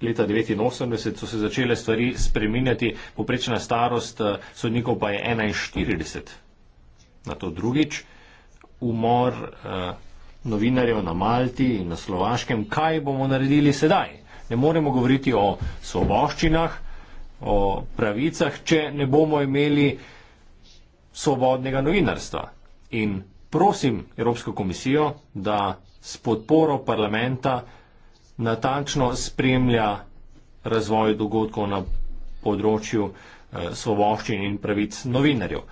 [SPEAKER 2] leta 1989 so se začele stvari spreminjati, poprečna starost eh, sodnikov pa je 41. Na to drugič, umor eh, novinarjev na Malti in na Slovaškem, kaj bomo naredili sedaj? Ne moremo govoriti o svoboščinah, o pravicah, če ne bomo imeli svobodnega novinarstva. In prosim Evropsko komisijo, da s podporo parlamenta natančno spremlja razvoj dogodkov na področju eh, svoboščin in pravic novinarjev.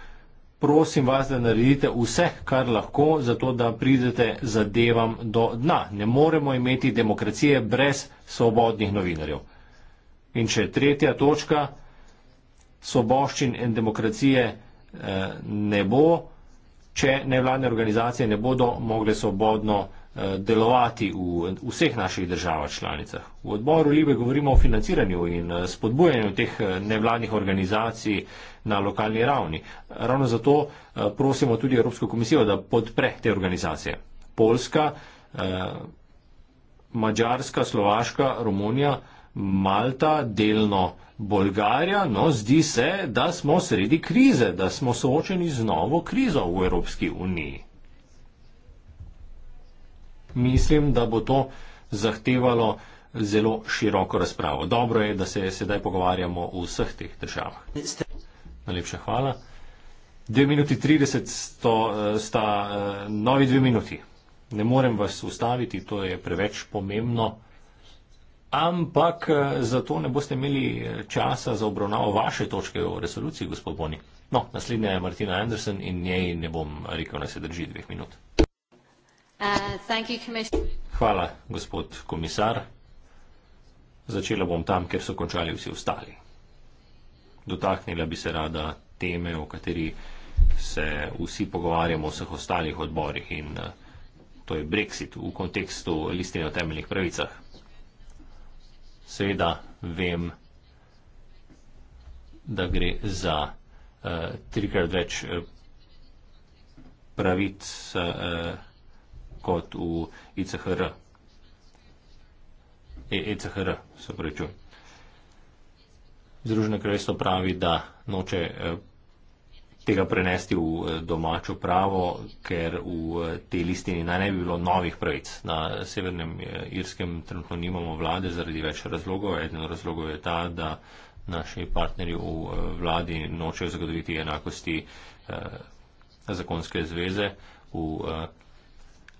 [SPEAKER 2] Prosim vas, da naredite vse, kar lahko, zato da pridete zadevam do dna. Ne moremo imeti demokracije brez svobodnih novinarjev. In še tretja točka, svoboščin in demokracije eh, ne bo, če nevladne organizacije ne bodo mogle svobodno. Eh, delovati v vseh naših državah članicah. V odboru Libe govorimo o financiranju in eh, spodbujanju teh eh, nevladnih organizacij na lokalni ravni. Ravno zato prosimo tudi Evropsko komisijo, da podpre te organizacije. Polska, Mačarska, Slovaška, Romunija, Malta, delno Bolgarija, no zdi se, da smo sredi krize, da smo soočeni z novo krizo v Evropski uniji mislim, da bo to zahtevalo zelo široko razpravo. Dobro je, da se sedaj pogovarjamo o vseh teh državah. Najlepša hvala. Dve minuti trideset eh, sta eh, novi dve minuti. Ne morem vas ustaviti, to je preveč pomembno. Ampak eh, zato ne boste imeli časa za obravnavo vaše točke o resoluciji, gospod Boni. No, naslednja je Martina Andersen in njej ne bom rekel, da se drži dveh minut. Uh, Hvala, gospod komisar. Začela bom tam, kjer so končali vsi ostali. Dotaknila bi se rada teme, o kateri se vsi pogovarjamo v vseh ostalih odborih in uh, to je Brexit v kontekstu listine o temeljnih pravicah. Seveda vem, da gre za uh, trikrat več uh, pravic. Uh, kot v ICHR. ECHR, e se pravi. Združene kraljestvo pravi, da noče eh, tega prenesti v eh, domačo pravo, ker v eh, tej listini naj ne bi bilo novih pravic. Na Severnem Irskem trenutno nimamo vlade zaradi več razlogov. Eden razlog je ta, da naši partnerji v vladi nočejo zagotoviti enakosti zakonske zveze v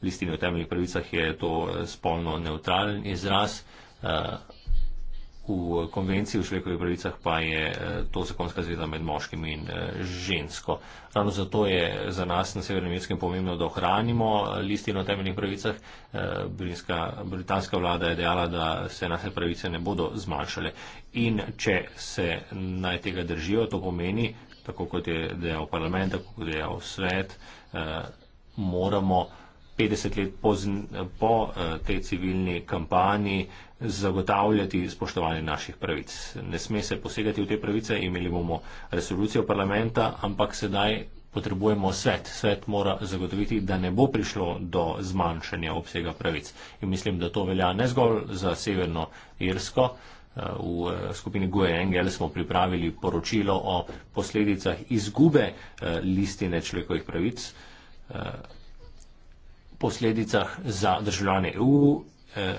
[SPEAKER 2] listini o temeljnih pravicah je to eh, spolno neutralen izraz. Eh, v konvenciji o človekovih pravicah pa je eh, to zakonska zveza med moškim in žensko. Ravno zato je za nas na Severnem Irskem pomembno, da ohranimo listino o temeljnih pravicah. Britanska, britanska vlada je dejala, da se naše pravice ne bodo zmanjšale. In če se naj tega držijo, to pomeni, tako kot je dejal parlament, tako kot je dejal svet, moramo 50 let po, po eh, tej civilni kampanji zagotavljati spoštovanje naših pravic. Ne sme se posegati v te pravice, imeli bomo resolucijo parlamenta, ampak sedaj potrebujemo svet. Svet mora zagotoviti, da ne bo prišlo do zmanjšanja obsega pravic. In mislim, da to velja ne zgolj za Severno Irsko. Eh, v eh, skupini Gue Engel smo pripravili poročilo o posledicah izgube listine človekovih pravic posledicah za državljane EU eh, eh,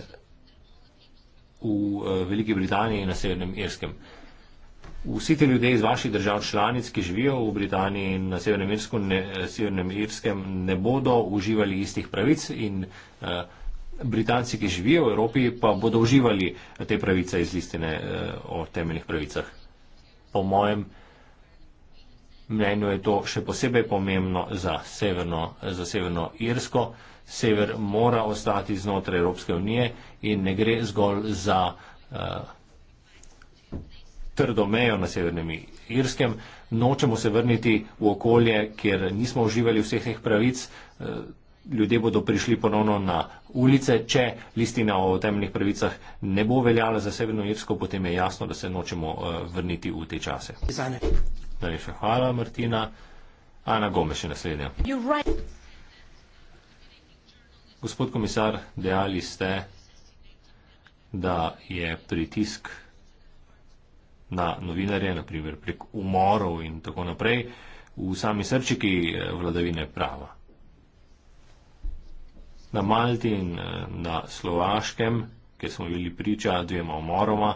[SPEAKER 2] v Veliki Britaniji in na Severnem Irskem. Vsi ti ljudje iz vaših držav članic, ki živijo v Britaniji in na Severnem, Irsku, ne, eh, Severnem Irskem, ne bodo uživali istih pravic in eh, Britanci, ki živijo v Evropi, pa bodo uživali te pravice iz listine eh, o temeljnih pravicah. Po mojem, eh, mnenju je to še posebej pomembno za Severno, za severno Irsko. Sever mora ostati znotraj Evropske unije in ne gre zgolj za uh, trdo mejo na Severnem Irskem. Nočemo se vrniti v okolje, kjer nismo uživali vseh teh pravic. Uh, Ljudje bodo prišli ponovno na ulice, če listina o temeljnih pravicah ne bo veljala za Severno Irsko, potem je jasno, da se nočemo eh, vrniti v te čase. Zane. Najlepša hvala, Martina. Ana Gomeš je naslednja. Gospod komisar, dejali ste, da je pritisk na novinarje, naprimer prek umorov in tako naprej, v sami srčiki eh, vladavine prava. Na Malti in eh, na Slovaškem, kjer smo bili priča dvema umoroma,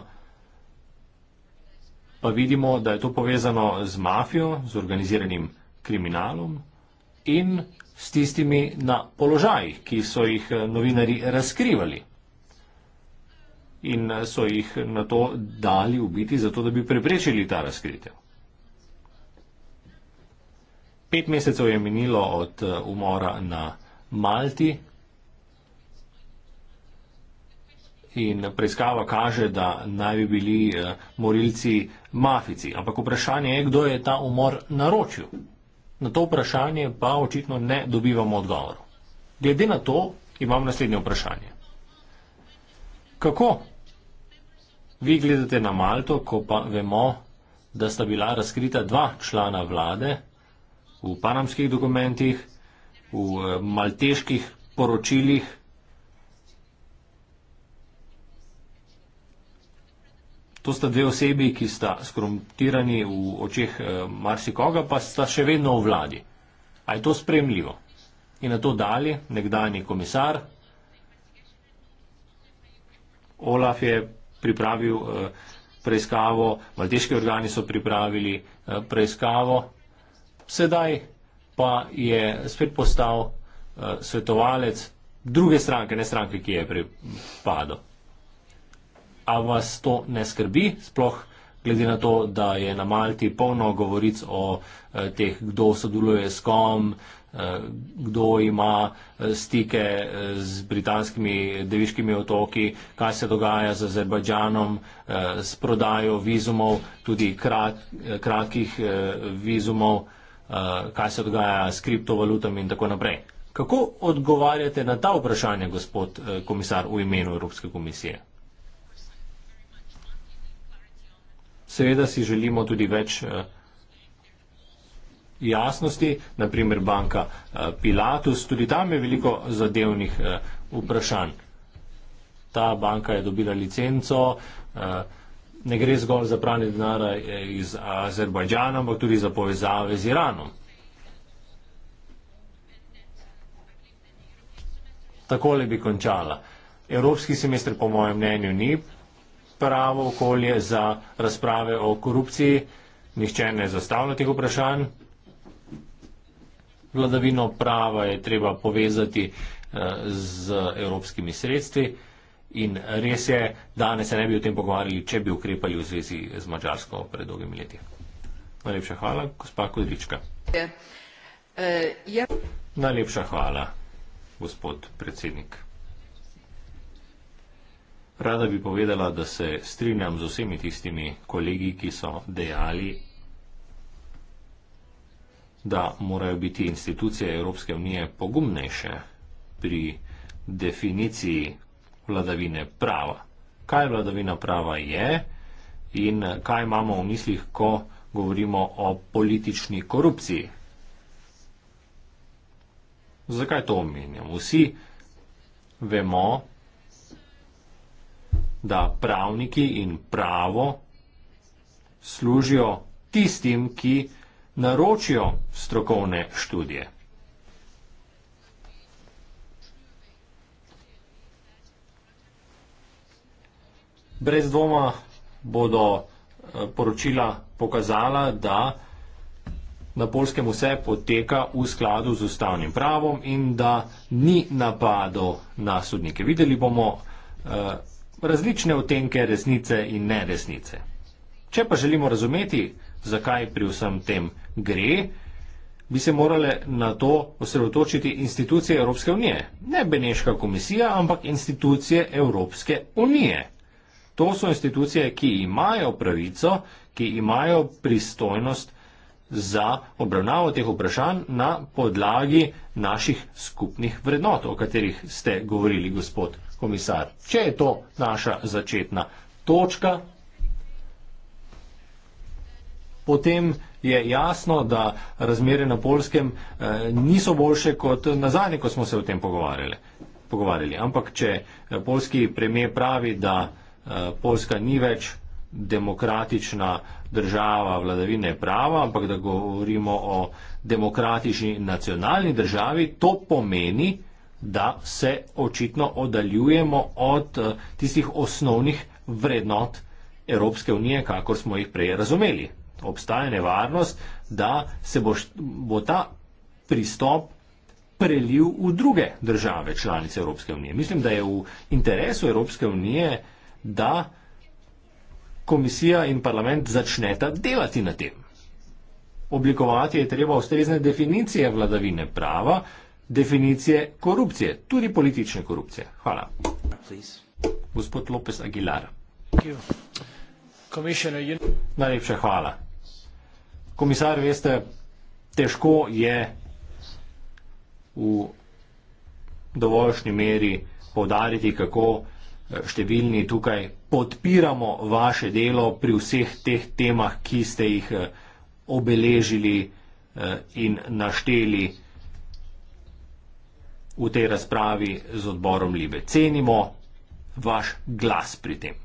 [SPEAKER 2] pa vidimo, da je to povezano z mafijo, z organiziranim kriminalom in s tistimi na položajih, ki so jih eh, novinari razkrivali in eh, so jih na to dali ubiti, zato da bi preprečili ta razkritev. Pet mesecev je minilo od eh, umora na Malti, in preiskava kaže, da naj bi bili eh, morilci mafici. Ampak vprašanje je, kdo je ta umor naročil. Na to vprašanje pa očitno ne dobivamo odgovor. Glede na to imam naslednje vprašanje. Kako? Vi gledate na Malto, ko pa vemo, da sta bila razkrita dva člana vlade v panamskih dokumentih, v eh, malteških poročilih. To sta dve osebi, ki sta skromtirani v očeh eh, marsikoga, pa sta še vedno v vladi. A je to spremljivo? In na to dalje, nekdani komisar, Olaf je pripravil eh, preiskavo, malteški organi so pripravili eh, preiskavo, sedaj pa je spet postal svetovalec druge stranke, ne stranke, ki je pripadal. A vas to ne skrbi, sploh glede na to, da je na Malti polno govoric o eh, teh, kdo sodeluje s kom, eh, kdo ima eh, stike z britanskimi deviškimi otoki, kaj se dogaja z Azerbajdžanom, s prodajo vizumov, tudi krat, kratkih vizumov, kaj se dogaja s kriptovalutami in tako naprej. Kako odgovarjate na ta vprašanja, gospod komisar, v imenu Evropske komisije? Seveda si želimo tudi več eh, jasnosti, naprimer banka eh, Pilatus, tudi tam je veliko zadevnih eh, vprašanj. Ta banka je dobila licenco, ne gre zgolj za pranje denara iz Azerbajdžana, ampak tudi za povezave z Iranom. Takole bi končala. Evropski semester, po mojem mnenju, ni pravo okolje za razprave o korupciji. Nihče ne zastavlja teh vprašanj. Vladavino prava je treba povezati eh, z evropskimi sredstvi in res je, danes se ne bi o tem pogovarjali, če bi ukrepali v zvezi z Mačarsko pred dolgimi leti. Najlepša hvala, gospa Kudrička.
[SPEAKER 3] Eh, ja.
[SPEAKER 2] Najlepša hvala, gospod predsednik. Rada bi povedala, da se strinjam z vsemi tistimi kolegi, ki so dejali, da morajo biti institucije Evropske unije pogumnejše pri definiciji vladavine prava. Kaj vladavina prava je in kaj imamo v mislih, ko govorimo o politični korupciji. Zakaj to omenjam? Vsi vemo, da pravniki in pravo služijo tistim, ki naročijo strokovne študije. Brez dvoma bodo eh, poročila pokazala, da na polskem vse poteka v skladu z ustavnim pravom in da ni napadov na sodnike. Videli bomo, eh, različne otenke resnice in neresnice. Če pa želimo razumeti, zakaj pri vsem tem gre, bi se morale na to osredotočiti institucije Evropske unije. Ne Beneška komisija, ampak institucije Evropske unije. To so institucije, ki imajo pravico, ki imajo pristojnost za obravnavo teh vprašanj na podlagi naših skupnih vrednot, o katerih ste govorili, gospod komisar. Če je to naša začetna točka, potem je jasno, da razmere na polskem eh, niso boljše kot nazadnje, ko smo se o tem pogovarjali. pogovarjali. Ampak če eh, polski premijer pravi, da eh, Polska ni več demokratična država vladavine prava, ampak da govorimo o demokratični nacionalni državi, to pomeni, da se očitno oddaljujemo od eh, tistih osnovnih vrednot Evropske unije, kakor smo jih prej razumeli. Obstaja nevarnost, da se bo, bo ta pristop prelil v druge države članice Evropske unije. Mislim, da je v interesu Evropske unije, da komisija in parlament začneta delati na tem. Oblikovati je treba ustrezne definicije vladavine prava, definicije korupcije, tudi politične korupcije. Hvala. Gospod Lopes Aguilar. Najlepša hvala. Komisar, veste, težko je v dovoljšnji meri povdariti, kako eh, številni tukaj podpiramo vaše delo pri vseh teh temah, ki ste jih eh, obeležili eh, in našteli v tej razpravi z odborom Libe. Cenimo vaš glas pri tem.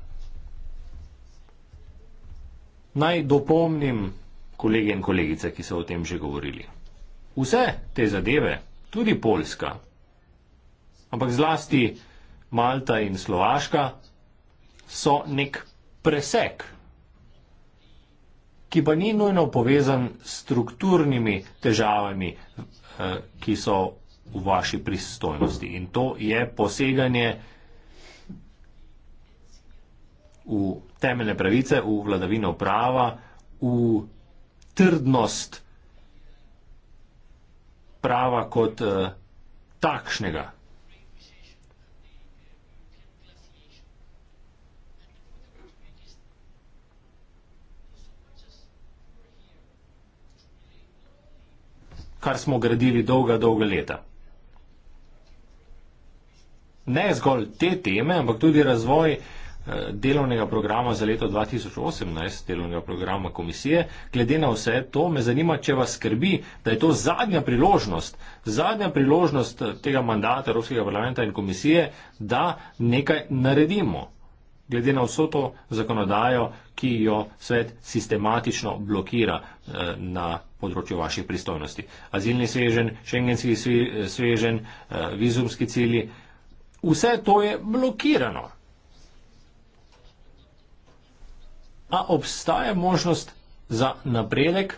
[SPEAKER 2] Naj dopomnim kolege in kolegice, ki so o tem že govorili. Vse te zadeve, tudi Poljska, ampak zlasti Malta in Slovaška, so nek preseg, ki pa ni nujno povezan s strukturnimi težavami, eh, ki so v vaši pristojnosti. In to je poseganje v temeljne pravice, v vladavino prava, v trdnost prava kot uh, takšnega. kar smo gradili dolga, dolga leta ne zgolj te teme, ampak tudi razvoj eh, delovnega programa za leto 2018, delovnega programa komisije. Glede na vse to, me zanima, če vas skrbi, da je to zadnja priložnost, zadnja priložnost eh, tega mandata Evropskega parlamenta in komisije, da nekaj naredimo. Glede na vso to zakonodajo, ki jo svet sistematično blokira eh, na področju vaših pristojnosti. Azilni svežen, šengenski svežen, vizumski cilji, Vse to je blokirano. A obstaja možnost za napredek?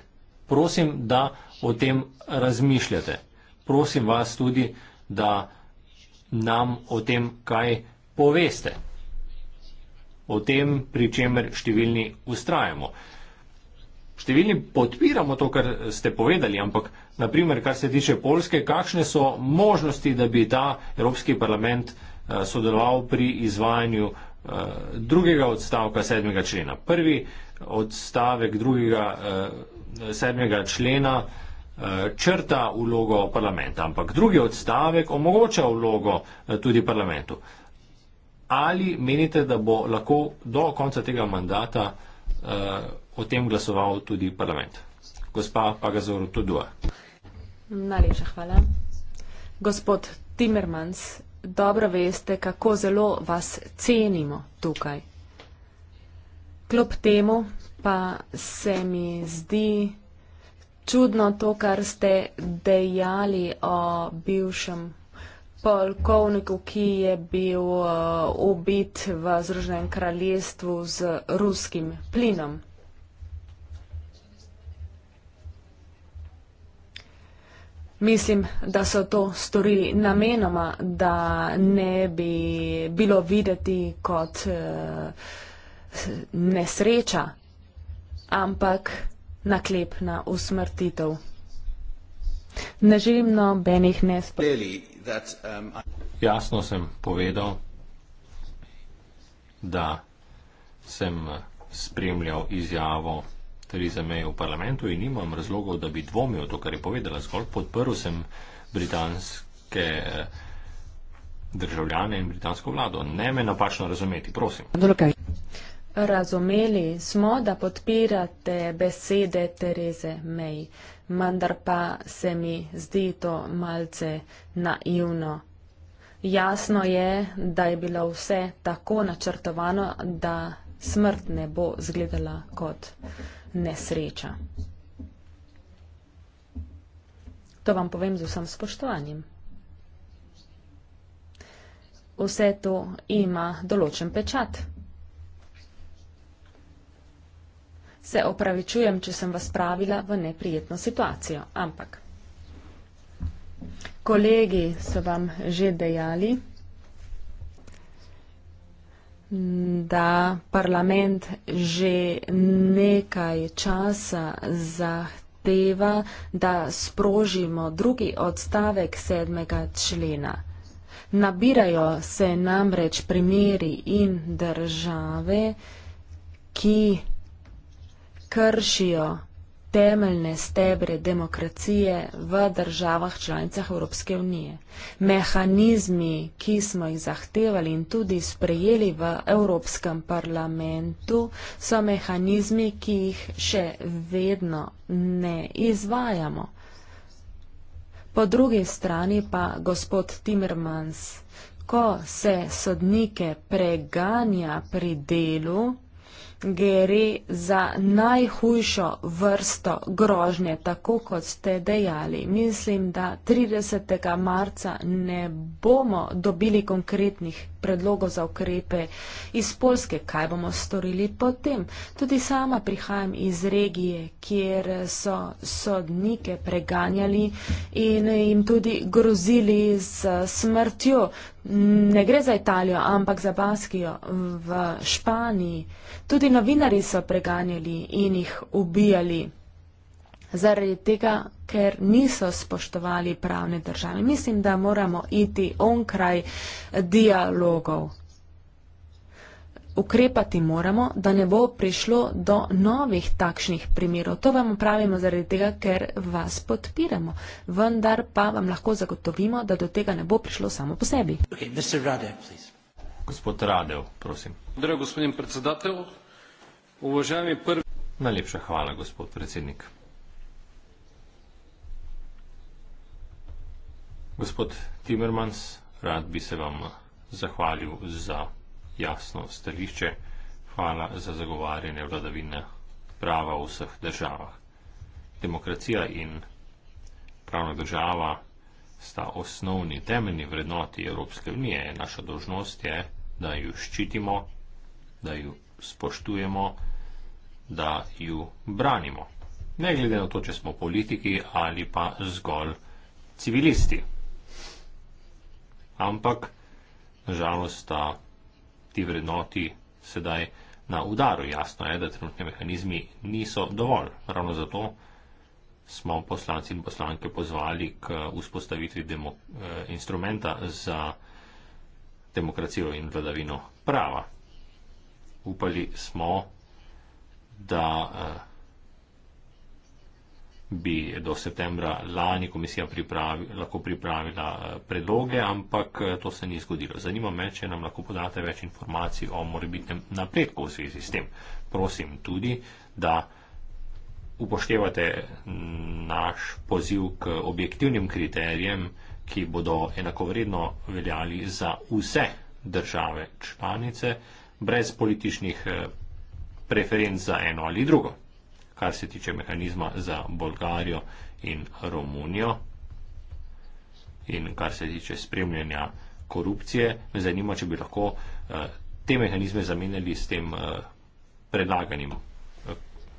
[SPEAKER 2] Prosim, da o tem razmišljate. Prosim vas tudi, da nam o tem kaj poveste. O tem, pri čemer številni ustrajamo številni podpiramo to, kar ste povedali, ampak naprimer, kar se tiče Polske, kakšne so možnosti, da bi ta Evropski parlament eh, sodeloval pri izvajanju eh, drugega odstavka sedmega člena. Prvi odstavek drugega eh, sedmega člena črta vlogo parlamenta, ampak drugi odstavek omogoča vlogo tudi parlamentu. Ali menite, da bo lahko do konca tega mandata o tem glasoval tudi parlament. Gospa Pagazor Tudua.
[SPEAKER 3] Najlepša hvala. Gospod Timmermans, dobro veste, kako zelo vas cenimo tukaj. Kljub temu pa se mi zdi čudno to, kar ste dejali o bivšem polkovniku, ki je bil eh, ubit v Združenem kraljestvu z ruskim plinom. Mislim, da so to storili namenoma, da ne bi bilo videti kot e, nesreča, ampak naklepna usmrtitev. Ne želim nobenih nesporazumov.
[SPEAKER 2] Jasno sem povedal, da sem eh, spremljal izjavo Theresa May v parlamentu in nimam razlogov, da bi dvomil to, kar je povedala. Zgolj podprl sem britanske eh, državljane in britansko vlado. Ne me napačno razumeti, prosim.
[SPEAKER 3] Razumeli smo, da podpirate besede Tereze May, vendar pa se mi zdi to malce naivno. Jasno je, da je bilo vse tako načrtovano, da smrt ne bo zgledala kot nesreča. To vam povem z vsem spoštovanjem. Vse to ima določen pečat. Se opravičujem, če sem vas pravila v neprijetno situacijo, ampak kolegi so vam že dejali, da parlament že nekaj časa zahteva, da sprožimo drugi odstavek sedmega člena. Nabirajo se namreč primeri in države, ki kršijo temeljne stebre demokracije v državah članicah Evropske unije. Mehanizmi, ki smo jih zahtevali in tudi sprejeli v Evropskem parlamentu, so mehanizmi, ki jih še vedno ne izvajamo. Po drugi strani pa gospod Timmermans, ko se sodnike preganja pri delu, gre za najhujšo vrsto grožnje, tako kot ste dejali. Mislim, da 30. marca ne bomo dobili konkretnih predlogov za ukrepe iz Polske, kaj bomo storili potem. Tudi sama prihajam iz regije, kjer so sodnike preganjali in jim tudi grozili z smrtjo. Ne gre za Italijo, ampak za Baskijo v Španiji. Tudi novinari so preganjali in jih ubijali zaradi tega, ker niso spoštovali pravne države. Mislim, da moramo iti onkraj dialogov. Ukrepati moramo, da ne bo prišlo do novih takšnih primerov. To vam pravimo zaradi tega, ker vas podpiramo. Vendar pa vam lahko zagotovimo, da do tega ne bo prišlo samo po sebi.
[SPEAKER 1] Okay, Radev,
[SPEAKER 2] Gospod Radev, prosim. Dragi gospodin predsedatelj, uvažajmi prvi. Najlepša hvala, gospod predsednik. Gospod Timmermans, rad bi se vam zahvalil za jasno stališče. Hvala za zagovarjanje vladavine prava v vseh državah. Demokracija in pravna država sta osnovni temeljni vrednoti Evropske unije. Naša dožnost je, da ju ščitimo, da ju spoštujemo, da ju branimo. Ne glede na to, če smo politiki ali pa zgolj civilisti ampak nažalost sta ti vrednoti sedaj na udaru. Jasno je, da trenutni mehanizmi niso dovolj. Ravno zato smo poslanci in poslanke pozvali k vzpostavitvi demo, eh, instrumenta za demokracijo in vladavino prava. Upali smo, da. Eh, bi do septembra lani komisija pripravi, lahko pripravila eh, predloge, ampak eh, to se ni zgodilo. Zanima me, če nam lahko podate več informacij o morebitnem napredku v zvezi s tem. Prosim tudi, da upoštevate mm, naš poziv k objektivnim kriterijem, ki bodo enakovredno veljali za vse države članice, brez političnih eh, preferenc za eno ali drugo kar se tiče mehanizma za Bolgarijo in Romunijo in kar se tiče spremljanja korupcije. Me zanima, če bi lahko eh, te mehanizme zamenjali s tem eh, predlaganim eh,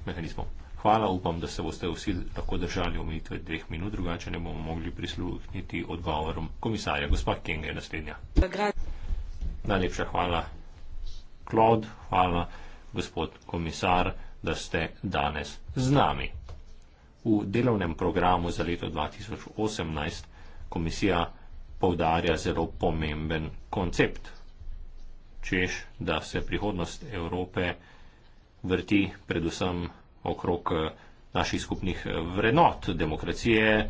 [SPEAKER 2] mehanizmom. Hvala, upam, da se boste vsi lahko držali omejitve dveh minut, drugače ne bomo mogli prisluhniti odgovorom komisarja. Gospa Kenge je naslednja. Najlepša hvala, Klod, hvala, gospod komisar da ste danes z nami. V delovnem programu za leto 2018 komisija povdarja zelo pomemben koncept, češ, da se prihodnost Evrope vrti predvsem okrog eh, naših skupnih eh, vrednot demokracije, eh,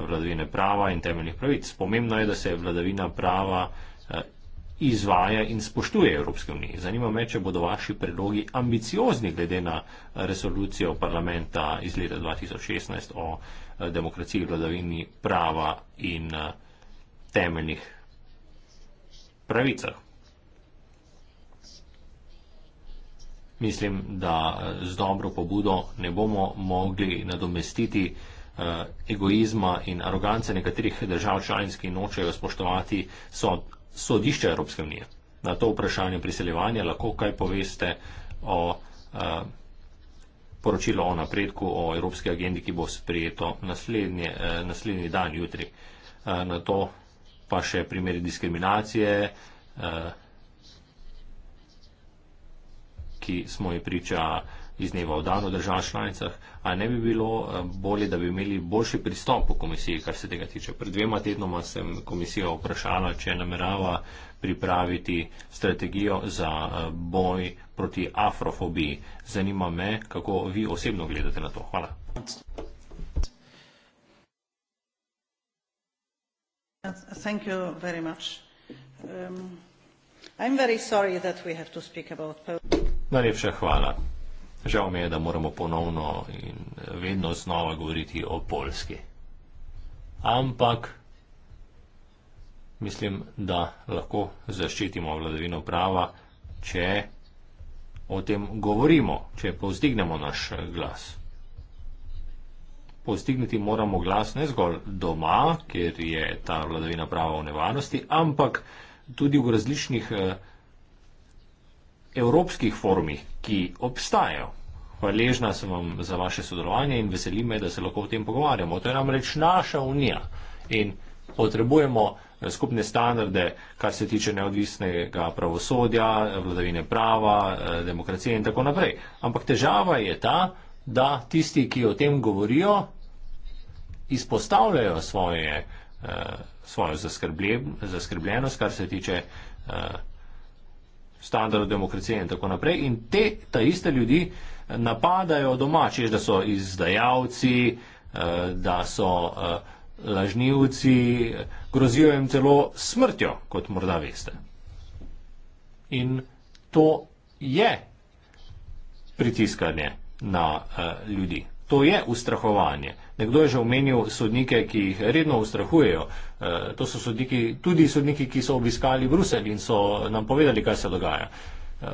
[SPEAKER 2] vladavine prava in temeljnih pravic. Pomembno je, da se vladavina prava izvaja in spoštuje Evropske unije. Zanima me, če bodo vaši predlogi ambiciozni glede na resolucijo parlamenta iz leta 2016 o eh, demokraciji, vladavini prava in eh, temeljnih pravicah. Mislim, da eh, z dobro pobudo ne bomo mogli nadomestiti egoizma in arogance nekaterih držav članic, ki nočejo spoštovati so sodišče Evropske unije na to vprašanje priseljevanja, lahko kaj poveste o a, eh, poročilo o napredku, o Evropski agendi, ki bo sprejeto naslednje, a, eh, naslednji dan, jutri. A, eh, na to pa še primeri diskriminacije, a, ki smo jih priča. A, iz dneva v dan v državah članicah, a ne bi bilo eh, bolje, da bi imeli boljši pristop v komisiji, kar se tega tiče. Pred dvema tednoma sem komisijo vprašala, če namerava pripraviti strategijo za eh, boj proti afrofobiji. Zanima me, kako vi osebno gledate na to. Hvala. Thank you very much. Um, I'm very sorry that we have to speak about Poland. Najlepša hvala. Žal mi je, da moramo ponovno in vedno znova govoriti o Polski. Ampak mislim, da lahko zaščitimo vladavino prava, če o tem govorimo, če povzdignemo naš glas. Povzdigniti moramo glas ne zgolj doma, kjer je ta vladavina prava v nevarnosti, ampak tudi v različnih eh, evropskih forumih, ki obstajajo. Hvaležna sem vam za vaše sodelovanje in veselim me, da se lahko o tem pogovarjamo. To je namreč naša unija in potrebujemo eh, skupne standarde, kar se tiče neodvisnega pravosodja, vladavine prava, eh, demokracije in tako naprej. Ampak težava je ta, da tisti, ki o tem govorijo, izpostavljajo svoje, eh, svojo zaskrbljenost, kar se tiče standardov demokracije in tako naprej. In te ta iste ljudi eh, napadajo domači, da so izdajalci, eh, da so eh, lažnivci, grozijo jim celo smrtjo, kot morda veste. In to je pritiskanje na ljudi. To je ustrahovanje. Nekdo je že omenil sodnike, ki jih redno ustrahujejo. E, to so sodniki, tudi sodniki, ki so obiskali Bruselj in so nam povedali, kaj se dogaja. E,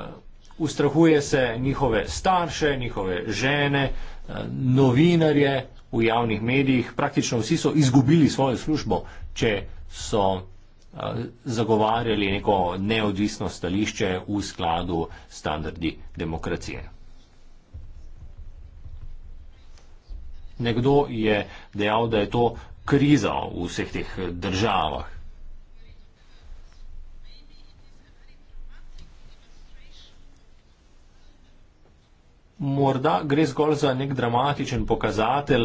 [SPEAKER 2] ustrahuje se njihove starše, njihove žene, e, novinarje v javnih medijih. Praktično vsi so izgubili svojo službo, če so e, zagovarjali neko neodvisno stališče v skladu standardi demokracije. Nekdo je dejal, da je to kriza v vseh teh državah. Morda gre zgolj za nek dramatičen pokazatelj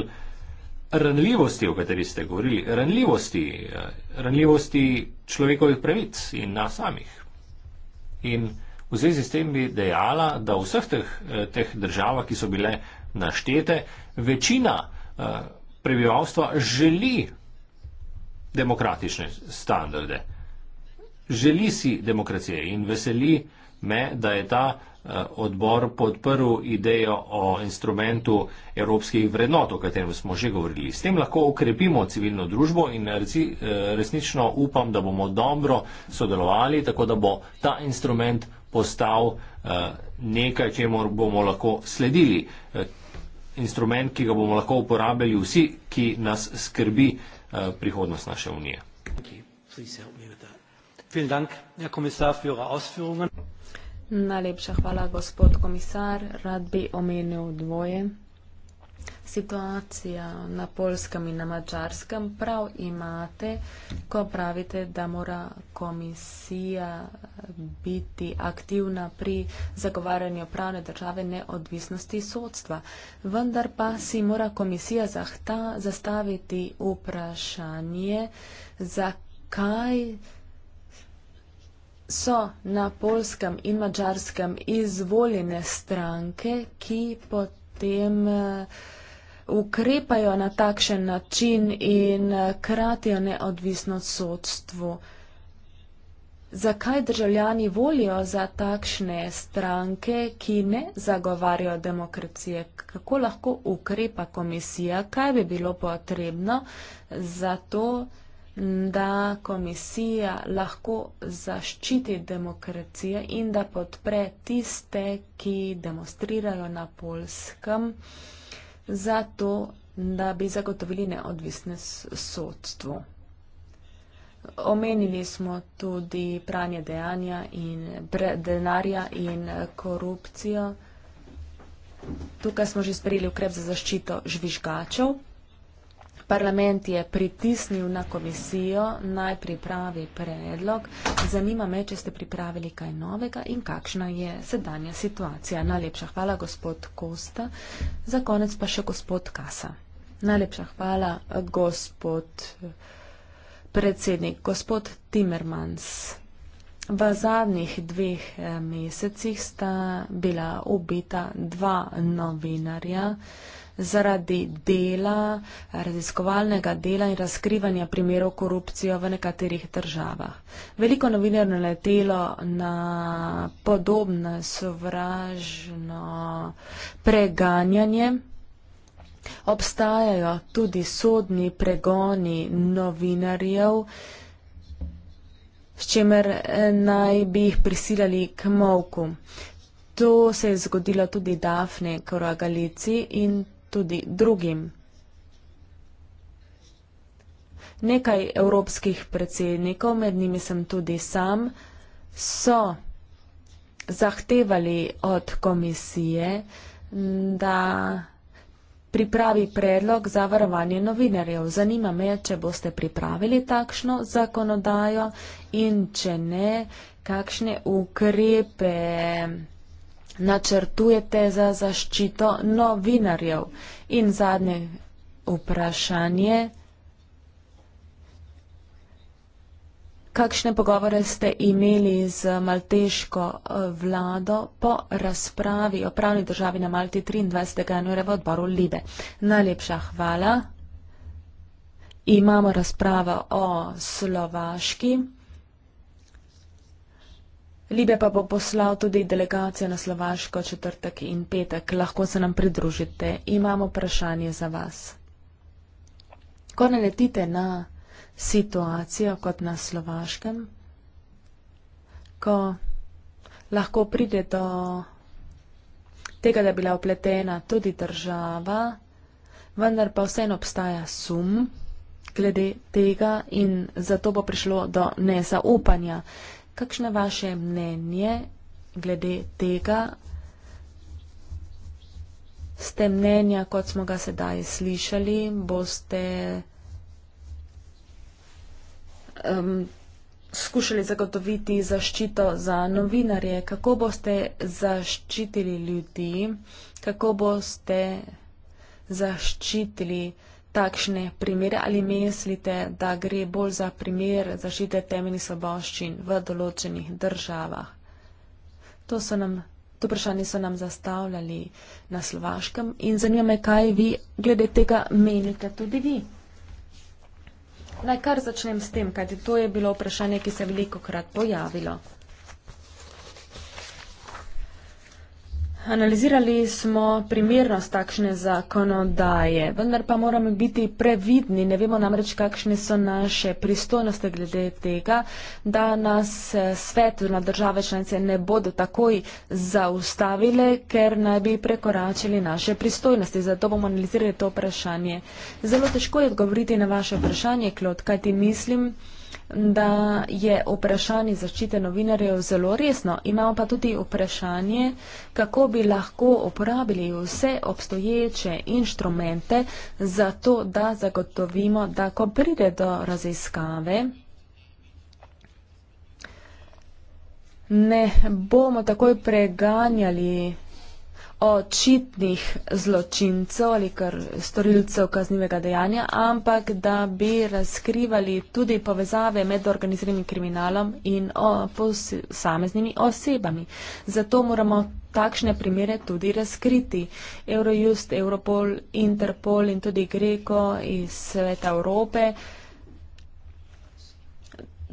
[SPEAKER 2] ranljivosti, o kateri ste govorili, ranljivosti, eh, ranljivosti človekovih pravic in nas samih. In v zvezi s tem bi dejala, da v vseh teh, eh, teh državah, ki so bile naštete, večina eh, prebivalstva želi demokratične standarde. Želi si demokracije in veseli me, da je ta eh, odbor podprl idejo o instrumentu evropskih vrednot, o katerem smo že govorili. S tem lahko ukrepimo civilno družbo in eh, resnično upam, da bomo dobro sodelovali, tako da bo ta instrument postal nekaj, čemu bomo lahko sledili instrument, ki ga bomo lahko uporabljali vsi, ki nas skrbi uh, prihodnost naše unije.
[SPEAKER 3] Najlepša hvala, gospod komisar. Rad bi omenil dvoje situacija na polskem in na mačarskem prav imate, ko pravite, da mora komisija biti aktivna pri zagovarjanju pravne države neodvisnosti sodstva. Vendar pa si mora komisija zahta, zastaviti vprašanje, zakaj so na polskem in mačarskem izvoljene stranke, ki potrebujejo potem eh, ukrepajo na takšen način in eh, kratijo neodvisnost sodstvu. Zakaj državljani volijo za takšne stranke, ki ne zagovarjajo demokracije? Kako lahko ukrepa komisija? Kaj bi bilo potrebno za to? da komisija lahko zaščiti demokracijo in da podpre tiste, ki demonstrirajo na polskem, zato, da bi zagotovili neodvisne sodstvo. Omenili smo tudi pranje dejanja in denarja in korupcijo. Tukaj smo že sprejeli ukrep za zaščito žvižgačev. Parlament je pritisnil na komisijo, naj pripravi predlog. Zanima me, če ste pripravili kaj novega in kakšna je sedanja situacija. Najlepša hvala, gospod Kosta. Za konec pa še gospod Kasa. Najlepša hvala, gospod predsednik. Gospod Timmermans, v zadnjih dveh eh, mesecih sta bila ubita dva novinarja zaradi dela, raziskovalnega dela in razkrivanja primerov korupcijo v nekaterih državah. Veliko novinar je letelo na podobno sovražno preganjanje. Obstajajo tudi sodni pregoni novinarjev, s čimer eh, naj bi jih prisiljali k molku. To se je zgodilo tudi Dafne Koragalici in tudi drugim. Nekaj evropskih predsednikov, med njimi sem tudi sam, so zahtevali od komisije, da pripravi predlog za varovanje novinarjev. Zanima me, če boste pripravili takšno zakonodajo in če ne, kakšne ukrepe načrtujete za zaščito novinarjev? In zadnje vprašanje. Kakšne pogovore ste imeli z malteško eh, vlado po razpravi o pravni državi na Malti 23. januarja v odboru Libe? Najlepša hvala. Imamo razpravo o Slovaški. Libe pa bo poslal tudi delegacijo na Slovaško četrtek in petek. Lahko se nam pridružite. Imamo vprašanje za vas. Ko naletite na situacijo kot na Slovaškem, ko lahko pride do tega, da je bila upletena tudi država, vendar pa vseeno obstaja sum glede tega in zato bo prišlo do nezaupanja. Kakšno je vaše mnenje glede tega? Ste mnenja, kot smo ga sedaj slišali, boste um, skušali zagotoviti zaščito za novinarje, kako boste zaščitili ljudi, kako boste zaščitili uh, takšne primere ali mislite, da gre bolj za primer zaščite temeljnih svoboščin v določenih državah? To so nam. To vprašanje so nam zastavljali na slovaškem in zanima me, kaj vi glede tega menite tudi vi. Naj kar začnem s tem, kajti to je bilo vprašanje, ki se je veliko krat pojavilo. Analizirali smo primernost takšne zakonodaje, vendar pa moramo biti previdni. Ne vemo namreč, kakšne so naše pristojnosti glede tega, da nas eh, svet oziroma države članice ne bodo takoj zaustavile, ker naj bi prekoračili naše pristojnosti. Zato bomo analizirali to vprašanje. Zelo težko je odgovoriti na vaše vprašanje, Klod, kaj ti mislim? da je vprašanje zaščite novinarjev zelo resno. Imamo pa tudi vprašanje, kako bi lahko uporabili vse obstoječe inštrumente za to, da zagotovimo, da ko pride do raziskave, ne bomo takoj preganjali vse, očitnih zločincev ali kar storilcev kaznivega dejanja, ampak da bi razkrivali tudi povezave med organiziranim kriminalom in posameznimi osebami. Zato moramo takšne primere tudi razkriti. Eurojust, Europol, Interpol in tudi Greko iz Sveta Evrope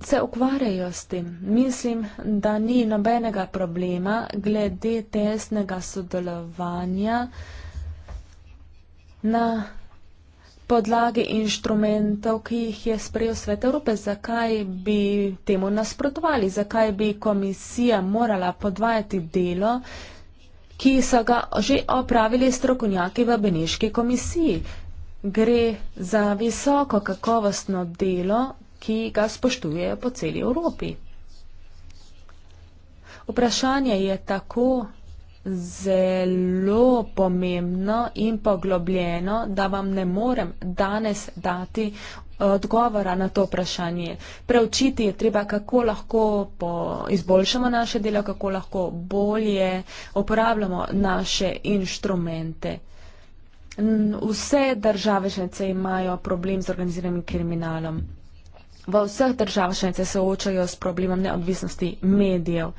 [SPEAKER 3] se ukvarjajo s tem. Mislim, da ni nobenega problema glede tesnega sodelovanja na podlagi inštrumentov, ki jih je sprejel Svet Evrope. Zakaj bi temu nasprotovali? Zakaj bi komisija morala podvajati delo, ki so ga že opravili strokovnjaki v Beneški komisiji? Gre za visoko kakovostno delo, ki ga spoštujejo po celi Evropi. Vprašanje je tako zelo pomembno in poglobljeno, da vam ne morem danes dati eh, odgovora na to vprašanje. Preučiti je treba, kako lahko po, izboljšamo naše delo, kako lahko bolje uporabljamo naše inštrumente. Vse države šnice imajo problem z organiziranim kriminalom v vseh državah članice soočajo s problemom neodvisnosti medijev.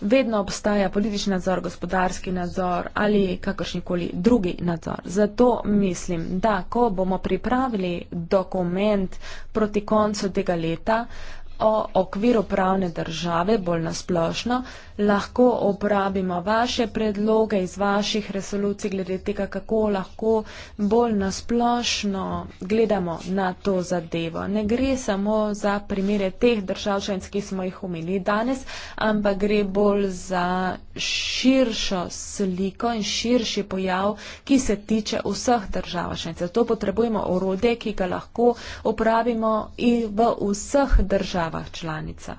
[SPEAKER 3] Vedno obstaja politični nadzor, gospodarski nadzor ali kakršnikoli drugi nadzor. Zato mislim, da ko bomo pripravili dokument proti koncu tega leta o okviru pravne države, bolj nasplošno, lahko obrabimo vaše predloge iz vaših resolucij glede tega, kako lahko bolj nasplošno gledamo na to zadevo. Ne gre samo za primere teh držav, članic, ki smo jih umili danes, ampak gre bolj za širšo sliko in širši pojav, ki se tiče vseh držav. Članic. Zato potrebujemo orode, ki ga lahko uporabimo in v vseh državah članicah.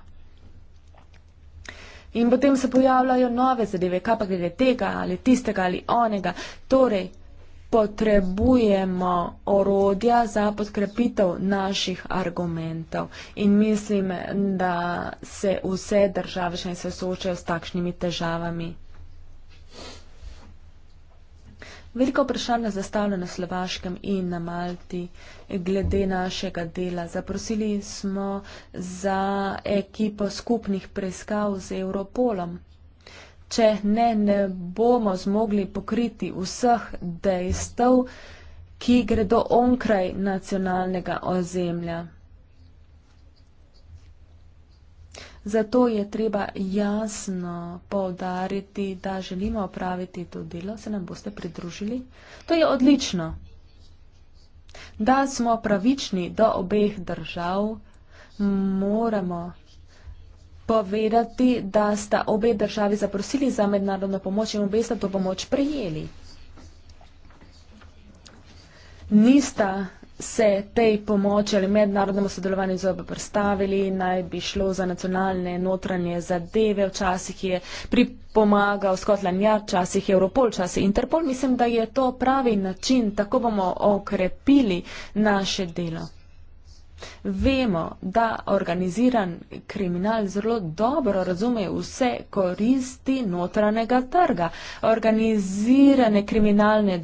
[SPEAKER 3] In potem se pojavljajo nove zadeve, kaj pa glede tega ali tistega ali onega. Torej, potrebujemo orodja za podkrepitev naših argumentov. In mislim, da se vse države še ne soočajo s takšnimi težavami. Veliko vprašanj je zastavljeno na Slovaškem in na Malti glede našega dela. Zaprosili smo za ekipo skupnih preiskav z Europolom. Če ne, ne bomo zmogli pokriti vseh dejstev, ki gredo onkraj nacionalnega ozemlja. Zato je treba jasno povdariti, da želimo opraviti to delo, se nam boste pridružili. To je odlično. Da smo pravični do obeh držav, moramo povedati, da sta obe državi zaprosili za mednarodno pomoč in obe sta to pomoč prijeli. Nista se tej pomoči ali mednarodnemu sodelovanju zobe predstavili, naj bi šlo za nacionalne notranje zadeve, včasih je pripomagal Scotland Yard, včasih Europol, včasih Interpol. Mislim, da je to pravi način, tako bomo okrepili naše delo. Vemo, da organiziran kriminal zelo dobro razume vse koristi notranjega trga. Organizirane kriminalne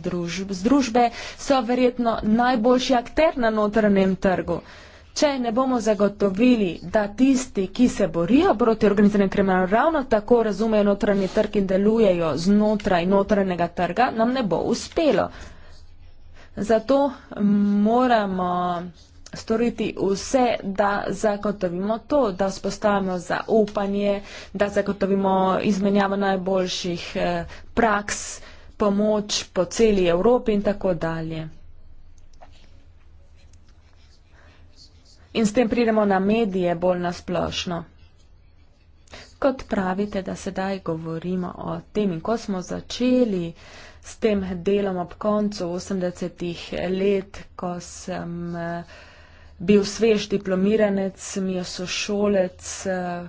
[SPEAKER 3] združbe so verjetno najboljši akter na notranjem trgu. Če ne bomo zagotovili, da tisti, ki se borijo proti organiziranemu kriminalu, ravno tako razumejo notranji trg in delujejo znotraj notranjega trga, nam ne bo uspelo. Zato moramo storiti vse, da zagotovimo to, da vzpostavimo zaupanje, da zagotovimo izmenjavo najboljših eh, praks, pomoč po celi Evropi in tako dalje. In s tem pridemo na medije bolj nasplošno. Kot pravite, da sedaj govorimo o tem in ko smo začeli s tem delom ob koncu 80-ih let, ko sem uh, bil svež diplomiranec, mi je sošolec, eh,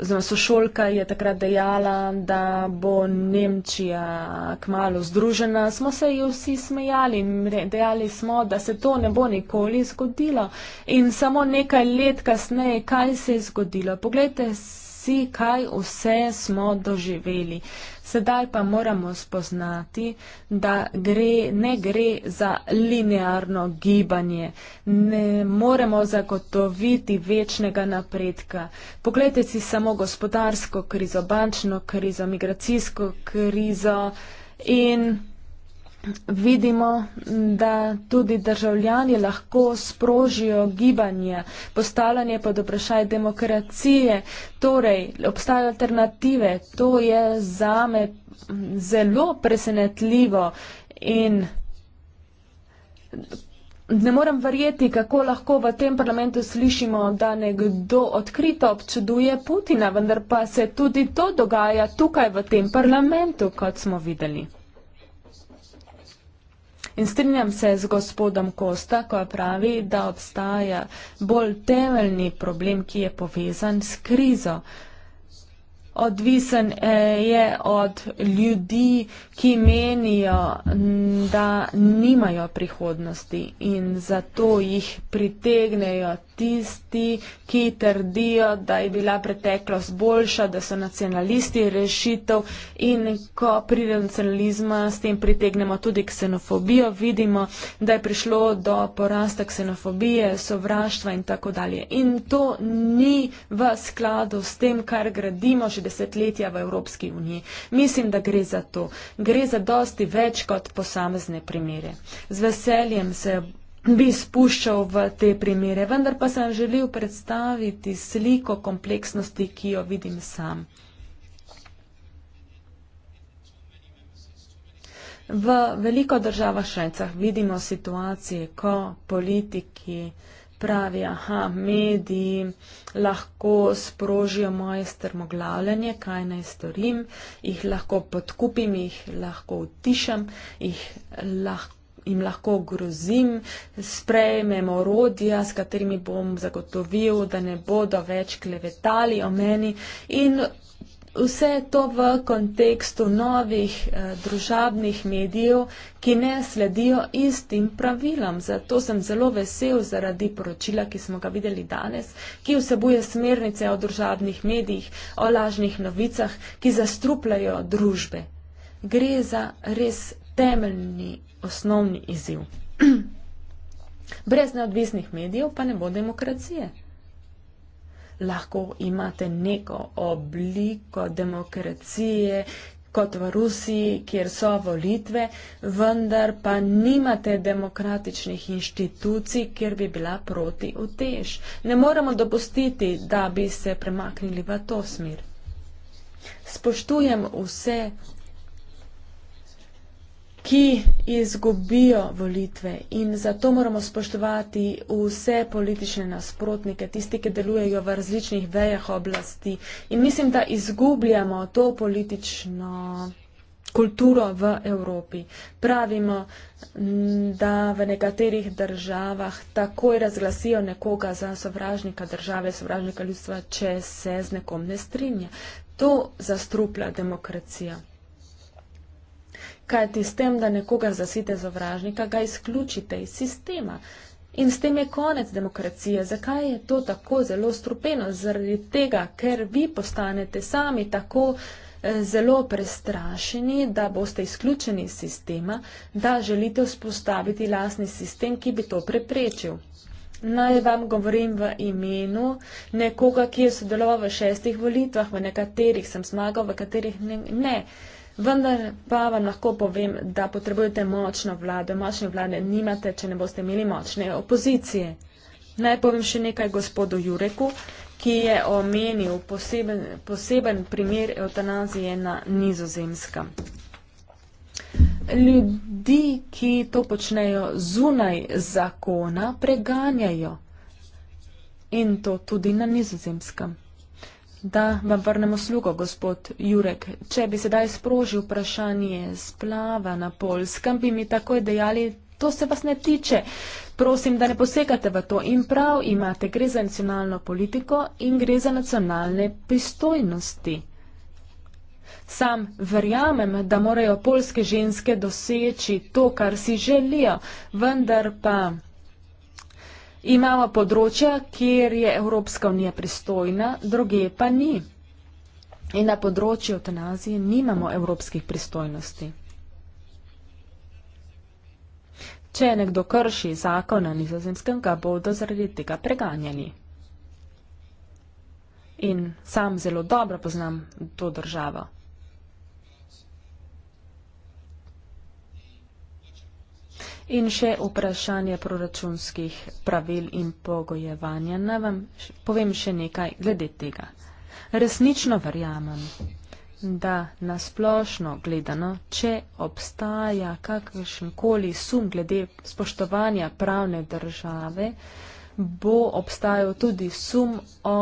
[SPEAKER 3] oziroma sošolka je takrat dejala, da bo Nemčija kmalo združena. Smo se ji vsi smejali in dejali smo, da se to ne bo nikoli zgodilo. In samo nekaj let kasneje, kaj se je zgodilo? Poglejte si, kaj vse smo doživeli. Uh, Sedaj pa moramo spoznati, da gre, ne gre za linearno gibanje. Ne moremo zagotoviti večnega napredka. Poglejte si samo gospodarsko krizo, bančno krizo, migracijsko krizo in vidimo, da tudi državljani lahko sprožijo gibanje, postavljanje pod vprašaj demokracije. Torej, obstajajo alternative. To je zame zelo presenetljivo in ne morem verjeti, kako lahko v tem parlamentu slišimo, da nekdo odkrito občuduje Putina, vendar pa se tudi to dogaja tukaj v tem parlamentu, kot smo videli. In strinjam se z gospodom Kosta, ko pravi, da obstaja bolj temeljni problem, ki je povezan s krizo. Odvisen eh, je od ljudi, ki menijo, da nimajo prihodnosti in zato jih pritegnejo tisti, ki trdijo, da je bila preteklost boljša, da so nacionalisti rešitev in ko pride do nacionalizma, s tem pritegnemo tudi ksenofobijo, vidimo, da je prišlo do porasta ksenofobije, sovraštva in tako dalje. In to ni v skladu s tem, kar gradimo že desetletja v Evropski uniji. Mislim, da gre za to. Gre za dosti več kot posamezne primere. Z veseljem se bi spuščal v te primere, vendar pa sem želel predstaviti sliko kompleksnosti, ki jo vidim sam. V veliko državah Švecah vidimo situacije, ko politiki pravijo, aha, mediji lahko sprožijo moje strmoglavljanje, kaj naj storim, jih lahko podkupim, jih lahko utišam, jih lahko jim lahko grozim, sprejmem orodja, s katerimi bom zagotovil, da ne bodo več klevetali o meni in vse to v kontekstu novih eh, družabnih medijev, ki ne sledijo istim pravilom. Zato sem zelo vesel zaradi poročila, ki smo ga videli danes, ki vsebuje smernice o družabnih medijih, o lažnih novicah, ki zastrupljajo družbe. Gre za res temeljni osnovni izziv. Brez neodvisnih medijev pa ne bo demokracije. Lahko imate neko obliko demokracije, kot v Rusiji, kjer so volitve, vendar pa nimate demokratičnih inštitucij, kjer bi bila proti utež. Ne moremo dopustiti, da bi se premaknili v to smer. Spoštujem vse ki izgubijo volitve in zato moramo spoštovati vse politične nasprotnike, tisti, ki delujejo v različnih vejah oblasti. In mislim, da izgubljamo to politično kulturo v Evropi. Pravimo, da v nekaterih državah takoj razglasijo nekoga za sovražnika države, sovražnika ljudstva, če se z nekom ne strinja. To zastruplja demokracijo. Kajti s tem, da nekoga zasite za vražnika, ga izključite iz sistema. In s tem je konec demokracije. Zakaj je to tako zelo strupeno? Zaradi tega, ker vi postanete sami tako eh, zelo prestrašeni, da boste izključeni iz sistema, da želite vzpostaviti lasni sistem, ki bi to preprečil. Naj vam govorim v imenu nekoga, ki je sodeloval v šestih volitvah, v nekaterih sem zmagal, v katerih ne. ne. Vendar pa vam lahko povem, da potrebujete močno vlado. Močne vlade nimate, če ne boste imeli močne opozicije. Naj povem še nekaj gospodu Jureku, ki je omenil poseben, poseben primer eutanazije na nizozemska. Ljudi, ki to počnejo zunaj zakona, preganjajo. In to tudi na nizozemskem. Da vam vrnemo slugo, gospod Jurek. Če bi sedaj sprožil vprašanje splava na Polskem, bi mi takoj dejali, to se vas ne tiče. Prosim, da ne posegate v to in prav imate, gre za nacionalno politiko in gre za nacionalne pristojnosti. Sam verjamem, da morajo polske ženske doseči to, kar si želijo, vendar pa Imamo področja, kjer je Evropska unija pristojna, druge pa ni. In na področju eutanazije nimamo evropskih pristojnosti. Če nekdo krši zakon na nizozemskem, ga bodo zaradi tega preganjeni. In sam zelo dobro poznam to državo. In še vprašanje proračunskih pravil in pogojevanja. Naj vam povem še nekaj glede tega. Resnično verjamem, da nasplošno gledano, če obstaja kakršenkoli sum glede spoštovanja pravne države, bo obstajal tudi sum o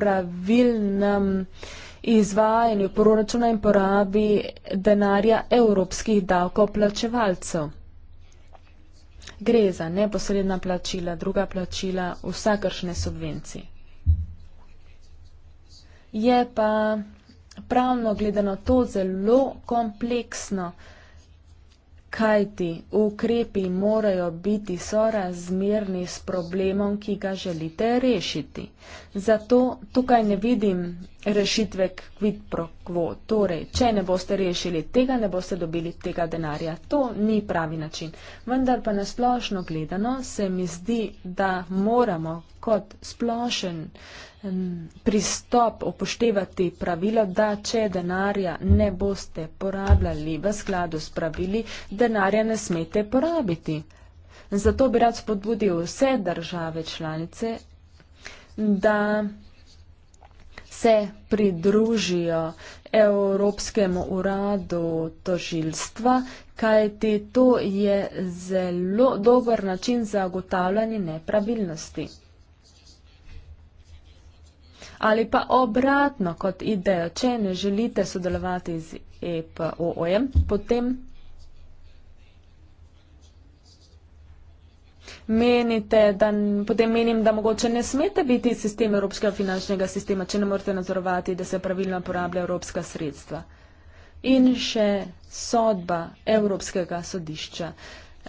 [SPEAKER 3] pravilnem izvajanju proračuna in porabi denarja evropskih davkoplačevalcev. Gre za neposredna plačila, druga plačila, vsakršne subvencije. Je pa pravno gledano to zelo kompleksno, kaj ti ukrepi morajo biti sorazmerni s problemom, ki ga želite rešiti. Zato tukaj ne vidim rešitve kvid pro quo. Torej, če ne boste rešili tega, ne boste dobili tega denarja. To ni pravi način. Vendar pa nasplošno gledano se mi zdi, da moramo kot splošen pristop upoštevati pravilo, da če denarja ne boste porabljali v skladu s pravili, denarja ne smete porabiti. Zato bi rad spodbudil vse države članice, da se pridružijo Evropskemu uradu tožilstva, kaj ti to je zelo dober način za ugotavljanje nepravilnosti. Ali pa obratno kot idejo, če ne želite sodelovati z EPOM, potem menite, da potem menim, da mogoče ne smete biti sistem evropskega finančnega sistema, če ne morete nadzorovati, da se pravilno porablja evropska sredstva. In še sodba Evropskega sodišča.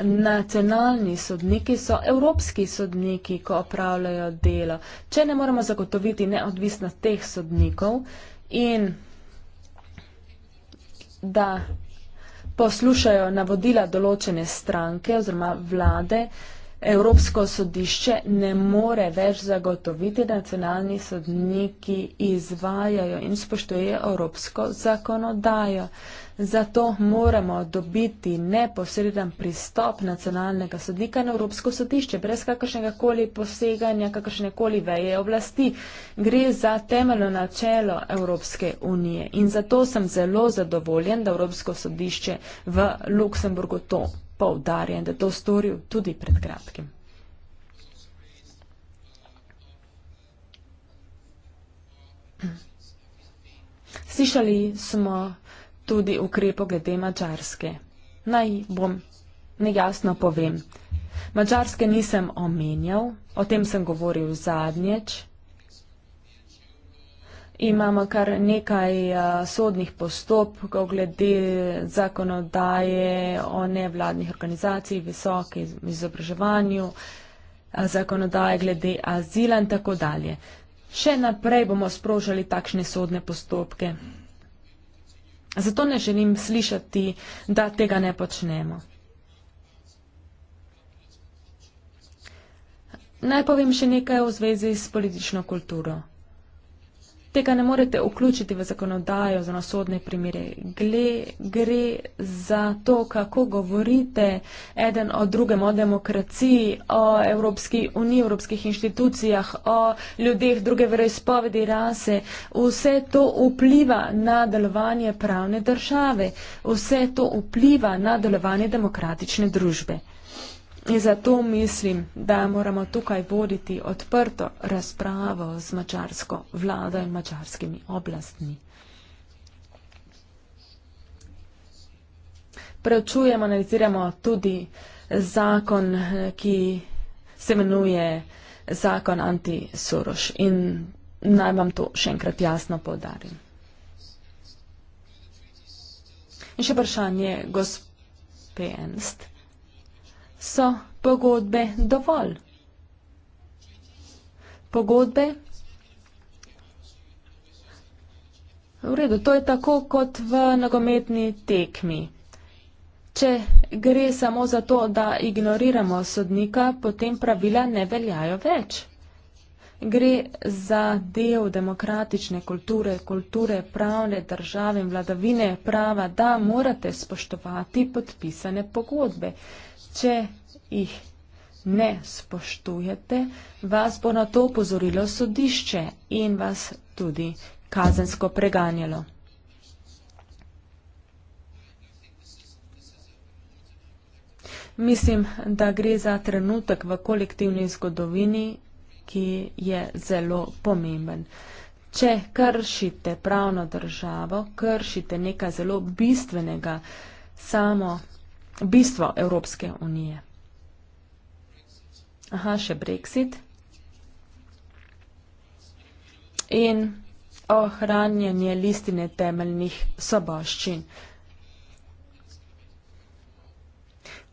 [SPEAKER 3] Nacionalni sodniki so evropski sodniki, ko opravljajo delo. Če ne moremo zagotoviti neodvisnost teh sodnikov in da poslušajo navodila določene stranke oziroma vlade, uh, Evropsko sodišče ne more več zagotoviti, da nacionalni sodniki izvajajo in spoštujejo evropsko zakonodajo. Zato moramo dobiti neposreden pristop nacionalnega sodnika na Evropsko sodišče, brez kakršnega koli poseganja, kakršne koli veje oblasti. Gre za temeljno načelo Evropske unije in zato sem zelo zadovoljen, da Evropsko sodišče v Luksemburgu to poudarjen, da je to storil tudi pred kratkim. Slišali smo tudi ukrepo glede Mačarske. Naj bom nejasno povem. Mačarske nisem omenjal, o tem sem govoril zadnjič. Imamo kar nekaj eh, sodnih postopkov glede zakonodaje o nevladnih organizacij, visoke izobraževanju, eh, zakonodaje glede azila in tako dalje. Še naprej bomo sprožali takšne sodne postopke. Zato ne želim slišati, da tega ne počnemo. Naj povem še nekaj v zvezi s politično kulturo tega ne morete vključiti v zakonodajo za nasodne primere. Gle, gre za to, kako govorite eden o drugem, o demokraciji, o Evropski uniji, evropskih inštitucijah, o ljudeh druge verespovedi, rase. Vse to vpliva na delovanje pravne države, vse to vpliva na delovanje demokratične družbe. In zato mislim, da moramo tukaj voditi odprto razpravo z mačarsko vlado in mačarskimi oblastmi. Preučujemo, analiziramo tudi zakon, ki se imenuje zakon anti-Soroš. In naj vam to še enkrat jasno povdarim. In še vprašanje, gospod Enst so pogodbe dovolj. Pogodbe? V redu, to je tako kot v nogometni tekmi. Če gre samo za to, da ignoriramo sodnika, potem pravila ne veljajo več. Gre za del demokratične kulture, kulture pravne države in vladavine prava, da morate spoštovati podpisane pogodbe. Če jih ne spoštujete, vas bo na to upozorilo sodišče in vas tudi kazensko preganjalo. Mislim, da gre za trenutek v kolektivni zgodovini, ki je zelo pomemben. Če kršite pravno državo, kršite nekaj zelo bistvenega, samo bistvo Evropske unije. Aha, še Brexit. In ohranjanje listine temeljnih soboščin.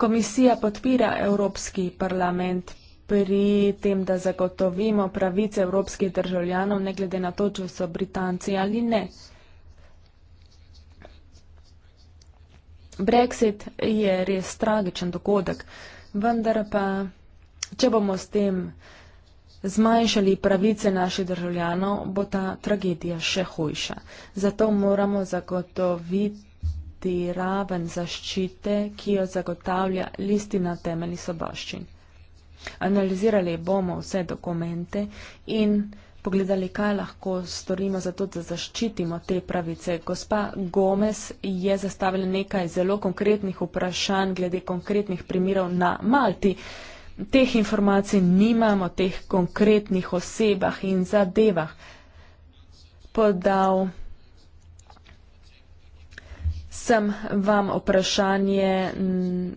[SPEAKER 3] Komisija podpira Evropski parlament pri tem, da zagotovimo pravice evropskih državljanov, ne glede na to, če so Britanci ali ne. Brexit je res tragičen dogodek, vendar pa, če bomo s tem zmanjšali pravice naših državljanov, bo ta tragedija še hujša. Zato moramo zagotoviti raven zaščite, ki jo zagotavlja listina temeljnih soboščin. Analizirali bomo vse dokumente in pogledali, kaj lahko storimo za to, da zaščitimo te pravice. Gospa Gomez je zastavila nekaj zelo konkretnih vprašanj glede konkretnih primerov na Malti. Teh informacij nimamo, teh konkretnih osebah in zadevah podal predvsem vam vprašanje,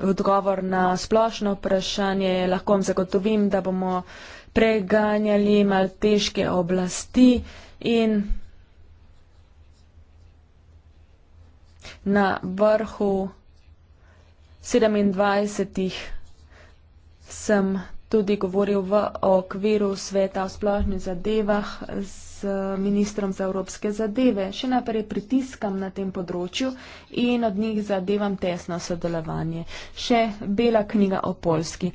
[SPEAKER 3] odgovor na splošno vprašanje. Lahko vam zagotovim, da bomo preganjali malteške oblasti in na vrhu 27. sem tudi govoril v okviru sveta o splošnih zadevah z z ministrom za evropske zadeve. Še naprej pritiskam na tem področju in od njih zadevam tesno sodelovanje. Še bela knjiga o Polski.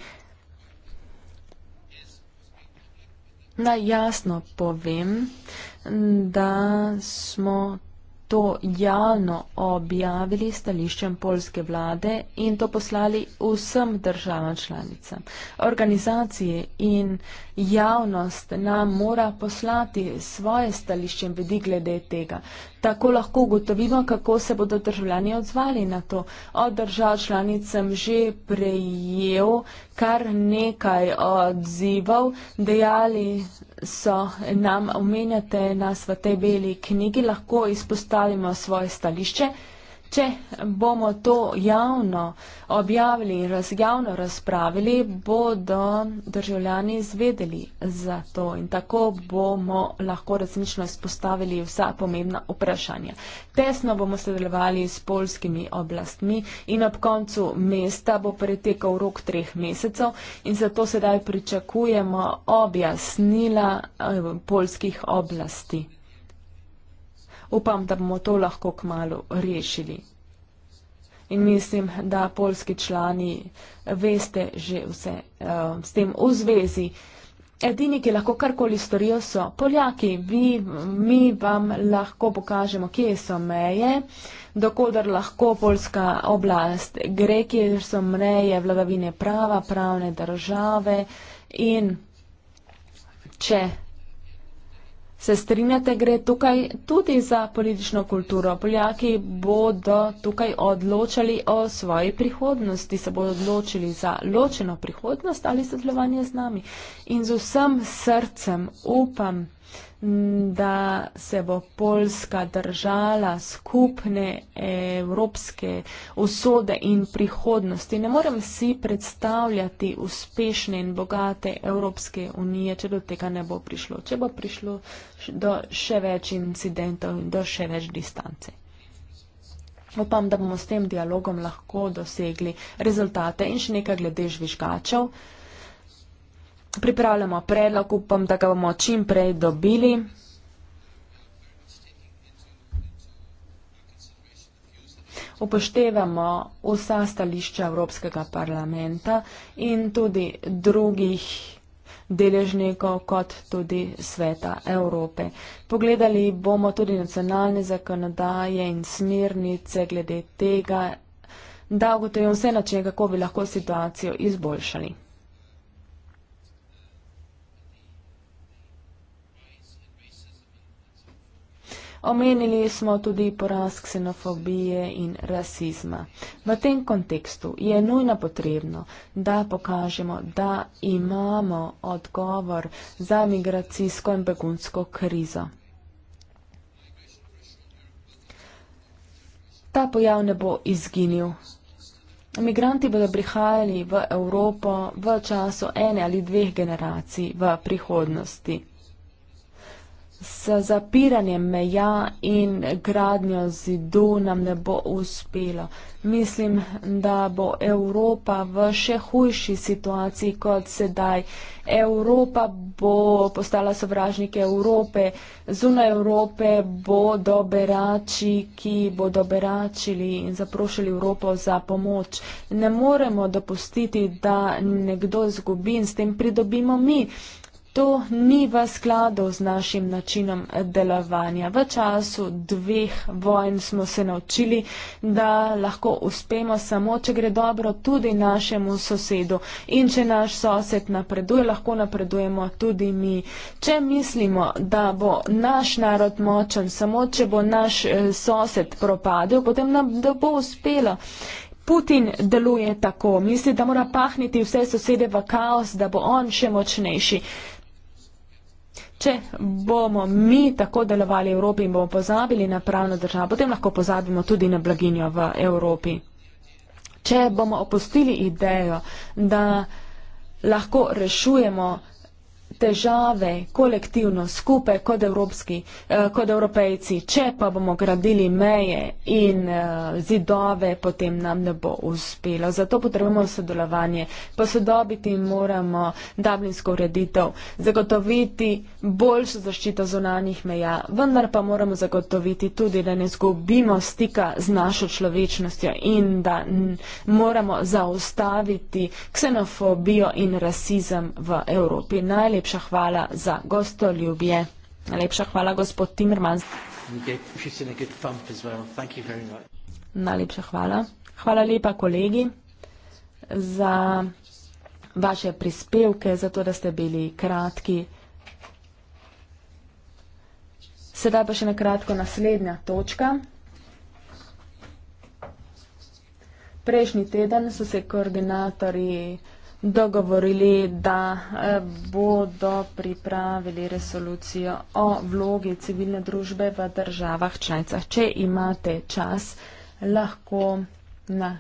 [SPEAKER 3] Najjasno povem, da smo to javno objavili stališčem polske vlade in to poslali vsem državam članicam. Organizacije in javnost nam mora poslati svoje stališče vedi glede tega. Tako lahko ugotovimo, kako se bodo državljani odzvali na to. Od držav članic sem že prejel kar nekaj odzivov, dejali so nam, omenjate nas v tej beli knjigi, lahko izpostavimo svoje stališče. Če bomo to javno objavili in raz, javno razpravili, bodo državljani izvedeli za to in tako bomo lahko resnično izpostavili vsa pomembna vprašanja. Tesno bomo sodelovali s polskimi oblastmi in ob koncu mesta bo pretekal rok treh mesecev in zato sedaj pričakujemo objasnila eh, polskih oblasti upam, da bomo to lahko k malu rešili. In mislim, da polski člani veste že vse uh, s tem v zvezi. Edini, ki lahko karkoli storijo, so Poljaki. Vi, mi vam lahko pokažemo, kje so meje, dokoder lahko polska oblast gre, kje so meje vladavine prava, pravne države. In če Se strinjate, gre tukaj tudi za politično kulturo. Poljaki bodo tukaj odločali o svoji prihodnosti, se bodo odločili za ločeno prihodnost ali sodelovanje z nami. In z vsem srcem upam, da se bo Poljska držala skupne evropske usode in prihodnosti. Ne morem si predstavljati uspešne in bogate Evropske unije, če do tega ne bo prišlo, če bo prišlo do še več incidentov in do še več distance. Upam, da bomo s tem dialogom lahko dosegli rezultate in še nekaj glede žvižgačev pripravljamo predlog, upam, da ga bomo čim prej dobili. Upoštevamo vsa stališča Evropskega parlamenta in tudi drugih deležnikov kot tudi sveta Evrope. Pogledali bomo tudi nacionalne zakonodaje in smernice glede tega, da ugotovimo vse načine, kako bi lahko situacijo izboljšali. Omenili smo tudi poraz ksenofobije in rasizma. V tem kontekstu je nujno potrebno, da pokažemo, da imamo odgovor za migracijsko in begunsko krizo. Ta pojav ne bo izginil. Migranti bodo prihajali v Evropo v času ene ali dveh generacij v prihodnosti z zapiranjem meja in gradnjo zidu nam ne bo uspelo. Mislim, da bo Evropa v še hujši situaciji kot sedaj. Evropa bo postala sovražnik Evrope, zunaj Evrope bodo berači, ki bodo beračili in zaprošili Evropo za pomoč. Ne moremo dopustiti, da nekdo izgubi in s tem pridobimo mi. To ni v skladu z našim načinom delovanja. V času dveh vojn smo se naučili, da lahko uspemo samo, če gre dobro tudi našemu sosedu. In če naš sosed napreduje, lahko napredujemo tudi mi. Če mislimo, da bo naš narod močen, samo če bo naš eh, sosed propadel, potem nam da bo uspelo. Putin deluje tako, misli, da mora pahniti vse sosede v kaos, da bo on še močnejši. Če bomo mi tako delovali v Evropi in bomo pozabili na pravno državo, potem lahko pozabimo tudi na blaginjo v Evropi. Če bomo opustili idejo, da lahko rešujemo težave kolektivno, skupaj kot, evropski, eh, kot evropejci. Če pa bomo gradili meje in eh, zidove, potem nam ne bo uspelo. Zato potrebujemo sodelovanje. Posodobiti moramo dublinsko ureditev, zagotoviti boljšo zaščito zunanjih meja, vendar pa moramo zagotoviti tudi, da ne zgubimo stika z našo človečnostjo in da moramo zaustaviti ksenofobijo in rasizem v Evropi. Najlepši najlepša hvala za gostoljubje. Najlepša hvala, gospod Timerman. Najlepša hvala. Hvala lepa, kolegi, za vaše prispevke, za to, da ste bili kratki. Sedaj pa še na kratko naslednja točka. Prejšnji teden so se koordinatorji dogovorili, da eh, bodo pripravili resolucijo o vlogi civilne družbe v državah članicah. Če imate čas, lahko na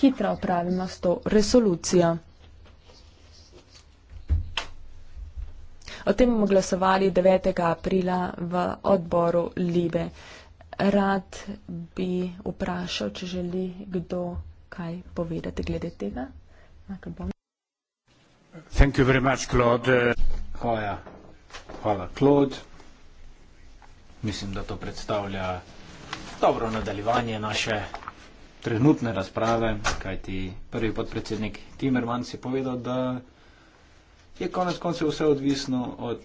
[SPEAKER 3] hitro opravimo s to resolucijo. O tem bomo glasovali 9. aprila v odboru Libe. Rad bi vprašal, če želi kdo kaj povedati glede tega. Na kaj bom?
[SPEAKER 1] Thank you very much, Claude. Hvala. Hvala, Claude. Mislim, da to predstavlja dobro nadaljevanje naše trenutne razprave, kajti prvi podpredsednik Timmermans je povedal, da je konec koncev vse odvisno od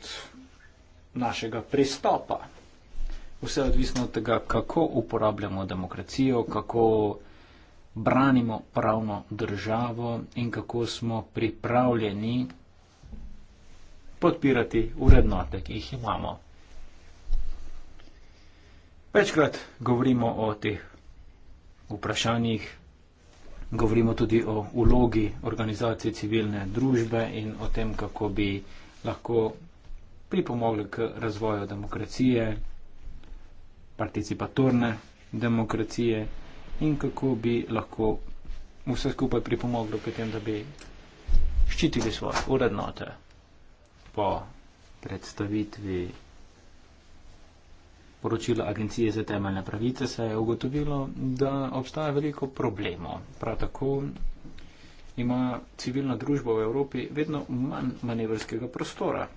[SPEAKER 1] našega pristopa. Vse odvisno od tega, kako uporabljamo demokracijo, kako branimo pravno državo in kako smo pripravljeni podpirati urednote, ki jih imamo. Večkrat govorimo o teh vprašanjih, govorimo tudi o ulogi organizacije civilne družbe in o tem, kako bi lahko pripomogli k razvoju demokracije, participatorne demokracije in kako bi lahko vse skupaj pripomoglo k tem, da bi ščitili svoje urednote po predstavitvi poročila Agencije za temeljne pravice se je ugotovilo, da obstaja veliko problemov. Prav tako ima civilna družba v Evropi vedno manj manevrskega prostora.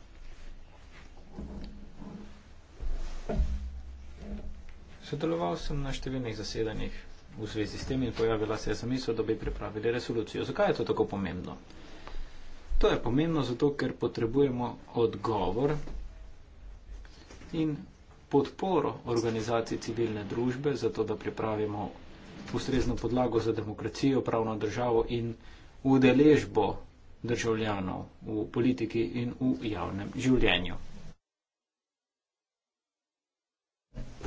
[SPEAKER 1] Sodeloval sem na številnih zasedanjih v zvezi s tem in pojavila se je zamisel, da bi pripravili resolucijo. Zakaj je to tako pomembno? To je pomembno zato, ker potrebujemo odgovor in podporo organizacij civilne družbe, zato da pripravimo ustrezno podlago za demokracijo, pravno državo in udeležbo državljanov v politiki in v javnem življenju.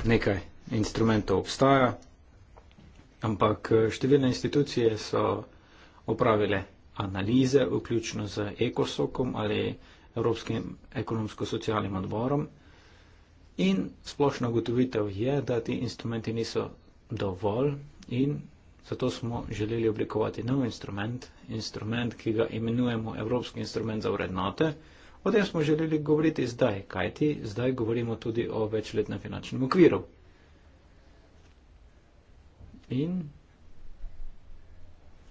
[SPEAKER 1] Nekaj instrumentov obstaja. Ampak eh, številne institucije so opravile analize, vključno z ekosokom ali Evropskim ekonomsko-socialnim odborom. In splošna ugotovitev je, da ti instrumenti niso dovolj in zato smo želeli oblikovati nov instrument, instrument, ki ga imenujemo Evropski instrument za vrednote. O tem smo želeli govoriti zdaj, kajti zdaj govorimo tudi o večletnem finančnem okviru in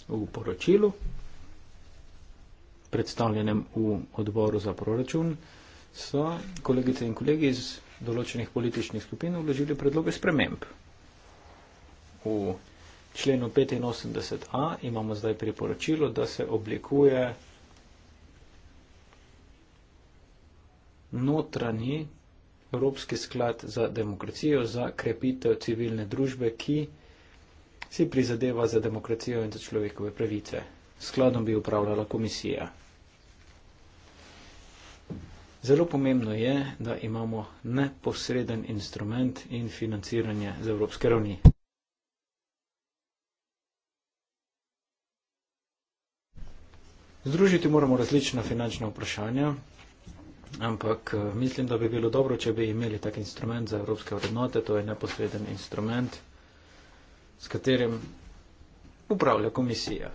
[SPEAKER 1] v poročilu, predstavljenem v odboru za proračun, so kolegice in kolegi iz določenih političnih skupin vložili predloge sprememb. V členu 85a imamo zdaj priporočilo, da se oblikuje notranji Evropski sklad za demokracijo za krepitev civilne družbe, ki si prizadeva za demokracijo in za človekove pravice. Skladom bi upravljala komisija. Zelo pomembno je, da imamo neposreden instrument in financiranje z evropske ravni. Združiti moramo različna finančna vprašanja, ampak eh, mislim, da bi bilo dobro, če bi imeli tak instrument za evropske vrednote, to je neposreden instrument s katerim upravlja komisija.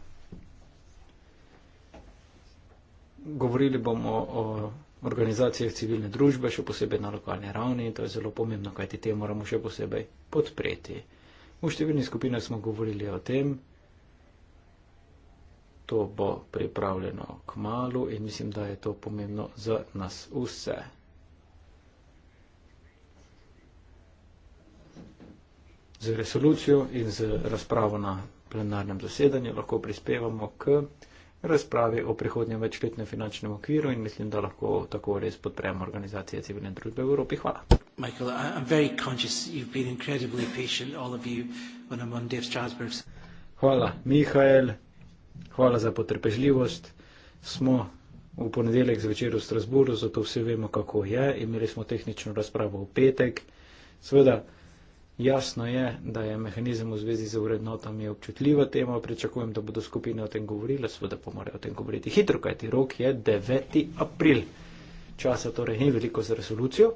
[SPEAKER 1] Govorili bomo o organizacijah civilne družbe, še posebej na lokalni ravni, in to je zelo pomembno, kajti te moramo še posebej podpreti. V številnih skupinah smo govorili o tem, to bo pripravljeno k malu in mislim, da je to pomembno za nas vse. z resolucijo in z razpravo na plenarnem zasedanju lahko prispevamo k razpravi o prihodnjem večletnem finančnem okviru in mislim, da lahko tako res podpremo organizacije civilne družbe v Evropi. Hvala. Michael, hvala, Mihael. Hvala za potrpežljivost. Smo v ponedeljek zvečer v Strasburu, zato vsi vemo, kako je. Imeli smo tehnično razpravo v petek. Sveda, Jasno je, da je mehanizem v zvezi z vrednotami občutljiva tema, pričakujem, da bodo skupine o tem govorile, seveda pa morajo o tem govoriti hitro, kajti rok je 9. april. Časa torej ni veliko za resolucijo.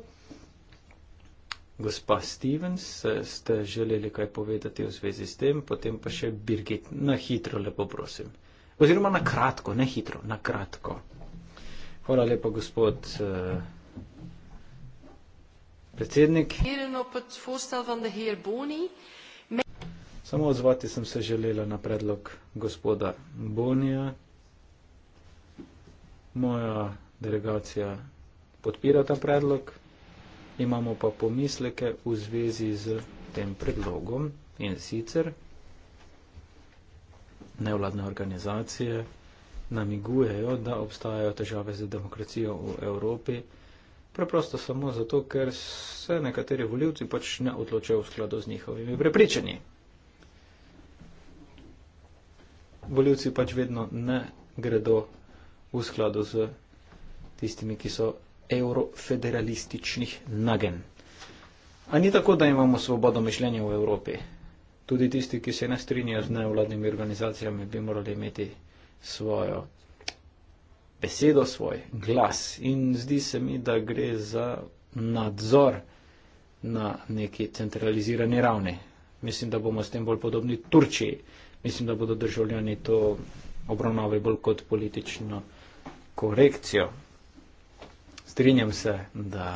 [SPEAKER 1] Gospa Stevens, ste želeli kaj povedati v zvezi s tem, potem pa še Birgit, na hitro, lepo prosim. Oziroma na kratko, ne hitro, na kratko. Hvala lepa, gospod. Uh, predsednik. Samo odzvati sem se želela na predlog gospoda Bonija. Moja delegacija podpira ta predlog, imamo pa pomisleke v zvezi z tem predlogom in sicer nevladne organizacije namigujejo, da obstajajo težave z demokracijo v Evropi. Preprosto samo zato, ker se nekateri voljivci pač ne odločajo v skladu z njihovimi prepričanji. Voljivci pač vedno ne gredo v skladu z tistimi, ki so eurofederalističnih nagen. A ni tako, da imamo svobodo mišljenja v Evropi? Tudi tisti, ki se ne strinjajo z nevladnimi organizacijami, bi morali imeti svojo besedo svoj, glas. In zdi se mi, da gre za nadzor na neki centralizirani ravni. Mislim, da bomo s tem bolj podobni Turčiji. Mislim, da bodo državljani to obravnavali bolj kot politično korekcijo. Strinjam se, da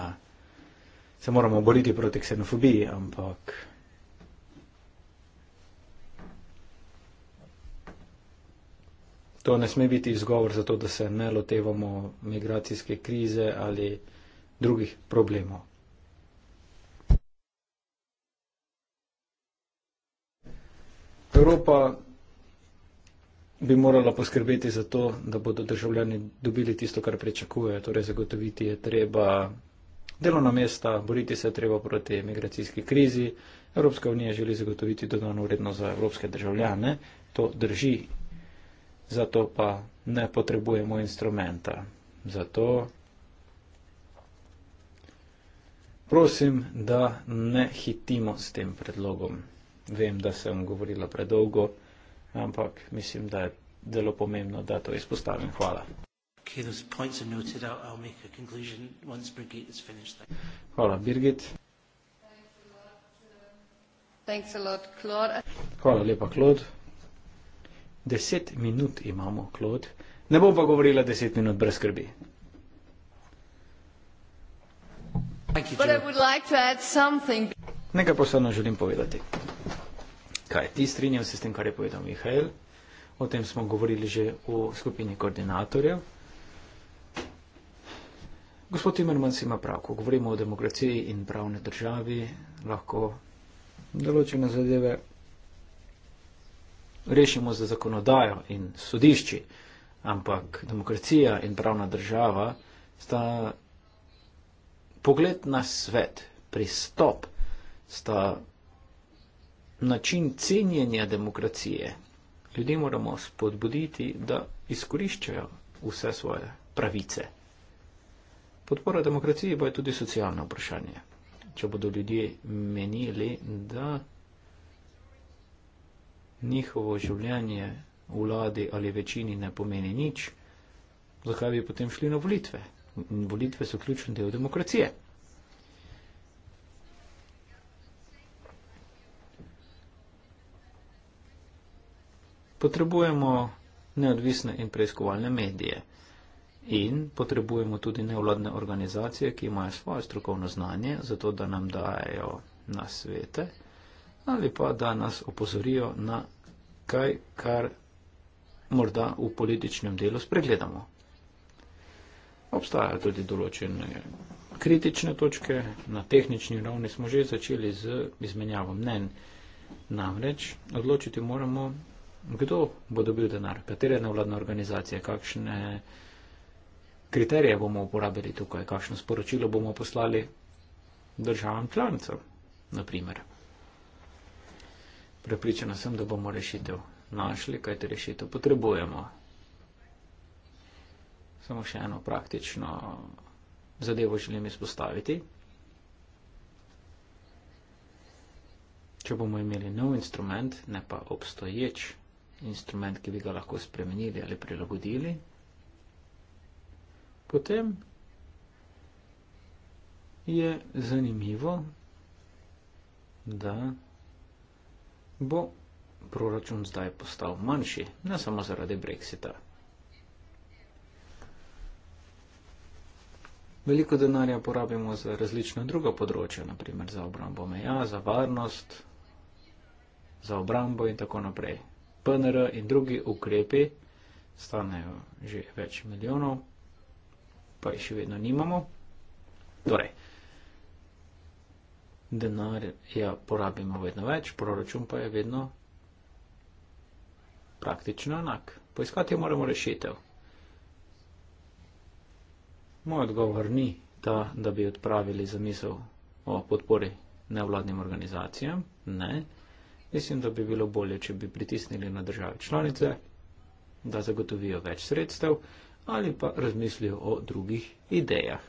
[SPEAKER 1] se moramo boriti proti ksenofobiji, ampak to ne sme biti izgovor za to, da se ne lotevamo migracijske krize ali drugih problemov. Evropa bi morala poskrbeti za to, da bodo državljani dobili tisto, kar pričakujejo. Torej zagotoviti je treba delovna mesta, boriti se je treba proti migracijski krizi. Evropska unija želi zagotoviti dodano vredno za evropske državljane. To drži zato pa ne potrebujemo instrumenta. Zato prosim, da ne hitimo s tem predlogom. Vem, da sem govorila predolgo, ampak mislim, da je zelo pomembno, da to izpostavim. Hvala. Hvala, Birgit.
[SPEAKER 3] Thanks a lot, Claude.
[SPEAKER 1] Hvala lepa, Claude. Deset minut imamo, Klod. Ne bom pa govorila deset minut brez skrbi. Nekaj posebno želim povedati. Kaj ti strinjam se s tem, kar je povedal Mihajl? O tem smo govorili že v skupini koordinatorjev. Gospod Timerman si ima prav, ko govorimo o demokraciji in pravni državi, lahko določene zadeve rešimo za zakonodajo in sodišči, ampak demokracija in pravna država sta pogled na svet, pristop, sta način cenjenja demokracije. Ljudje moramo spodbuditi, da izkoriščajo vse svoje pravice. Podpora demokraciji pa je tudi socialno vprašanje. Če bodo ljudje menili, da njihovo življenje vladi ali večini ne pomeni nič, zakaj bi potem šli na volitve? Volitve so ključen del demokracije. Potrebujemo neodvisne in preiskovalne medije in potrebujemo tudi nevladne organizacije, ki imajo svoje strokovno znanje, zato da nam dajo nasvete ali pa da nas opozorijo na kaj, kar morda v političnem delu spregledamo. Obstajajo tudi določene kritične točke, na tehnični ravni smo že začeli z izmenjavo mnen. Namreč odločiti moramo, kdo bo dobil denar, katere nevladne organizacije, kakšne kriterije bomo uporabili tukaj, kakšno sporočilo bomo poslali državam članicam, naprimer. Prepričana sem, da bomo rešitev našli, kaj te rešitev potrebujemo. Samo še eno praktično zadevo želim izpostaviti. Če bomo imeli nov instrument, ne pa obstoječ instrument, ki bi ga lahko spremenili ali prilagodili, potem je zanimivo, da je bo proračun zdaj postal manjši, ne samo zaradi brexita. Veliko denarja porabimo za različna druga področja, naprimer za obrambo meja, za varnost, za obrambo in tako naprej. PNR in drugi ukrepi stanejo že več milijonov, pa jih še vedno nimamo. Torej, denarja porabimo vedno več, proračun pa je vedno praktično enak. Poiskati moramo rešitev. Moj odgovor ni ta, da bi odpravili zamisel o podpori nevladnim organizacijam. Ne. Mislim, da bi bilo bolje, če bi pritisnili na države članice, da zagotovijo več sredstev ali pa razmislijo o drugih idejah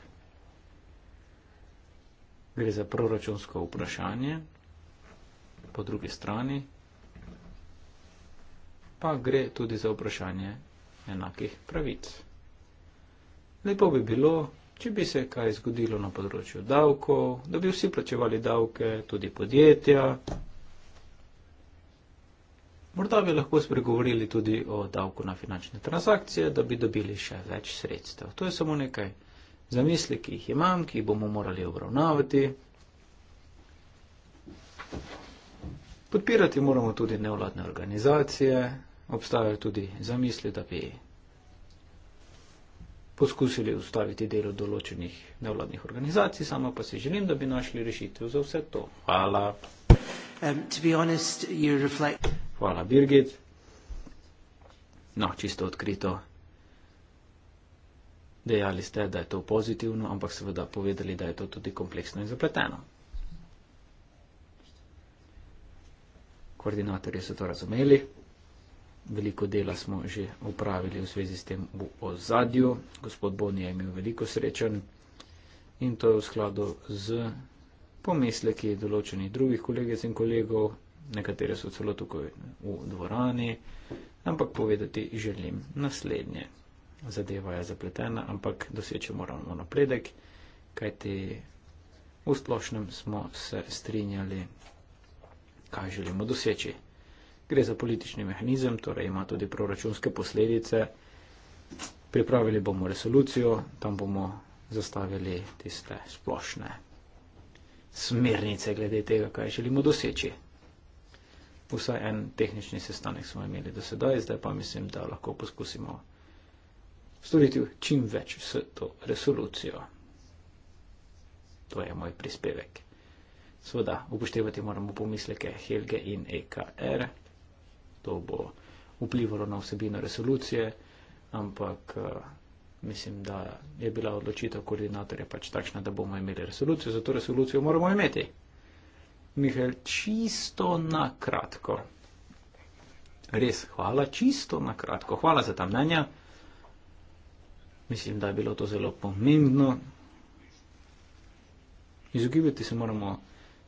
[SPEAKER 1] gre za proračunsko vprašanje, po drugi strani pa gre tudi za vprašanje enakih pravic. Lepo bi bilo, če bi se kaj zgodilo na področju davkov, da bi vsi plačevali davke, tudi podjetja. Morda bi lahko spregovorili tudi o davku na finančne transakcije, da bi dobili še več sredstev. To je samo nekaj zamisli, ki jih imam, ki jih bomo morali obravnavati. Podpirati moramo tudi nevladne organizacije, obstajajo tudi zamisli, da bi poskusili ustaviti delo določenih nevladnih organizacij, sama pa si želim, da bi našli rešitev za vse to. Hvala. Um, honest, Hvala, Birgit. No, čisto odkrito. Dejali ste, da je to pozitivno, ampak seveda povedali, da je to tudi kompleksno in zapleteno. Koordinatorje so to razumeli. Veliko dela smo že upravili v zvezi s tem v ozadju. Gospod Boni je imel veliko srečen in to je v skladu z pomisleki določenih drugih kolegic in kolegov. Nekatere so celo tukaj v dvorani, ampak povedati želim naslednje zadeva je zapletena, ampak doseči moramo napredek, kajti v splošnem smo se strinjali, kaj želimo doseči. Gre za politični mehanizem, torej ima tudi proračunske posledice. Pripravili bomo resolucijo, tam bomo zastavili tiste splošne smernice glede tega, kaj želimo doseči. Vsaj en tehnični sestanek smo imeli do sedaj, zdaj pa mislim, da lahko poskusimo storiti čim več s to resolucijo. To je moj prispevek. Sveda, upoštevati moramo pomisleke Helge in EKR. To bo vplivalo na vsebino resolucije, ampak eh, mislim, da je bila odločitev koordinatorja pač takšna, da bomo imeli resolucijo. Zato resolucijo moramo imeti. Mihael, čisto na kratko. Res, hvala, čisto na kratko. Hvala za ta mnenja. Mislim, da je bilo to zelo pomembno. Izogibati se moramo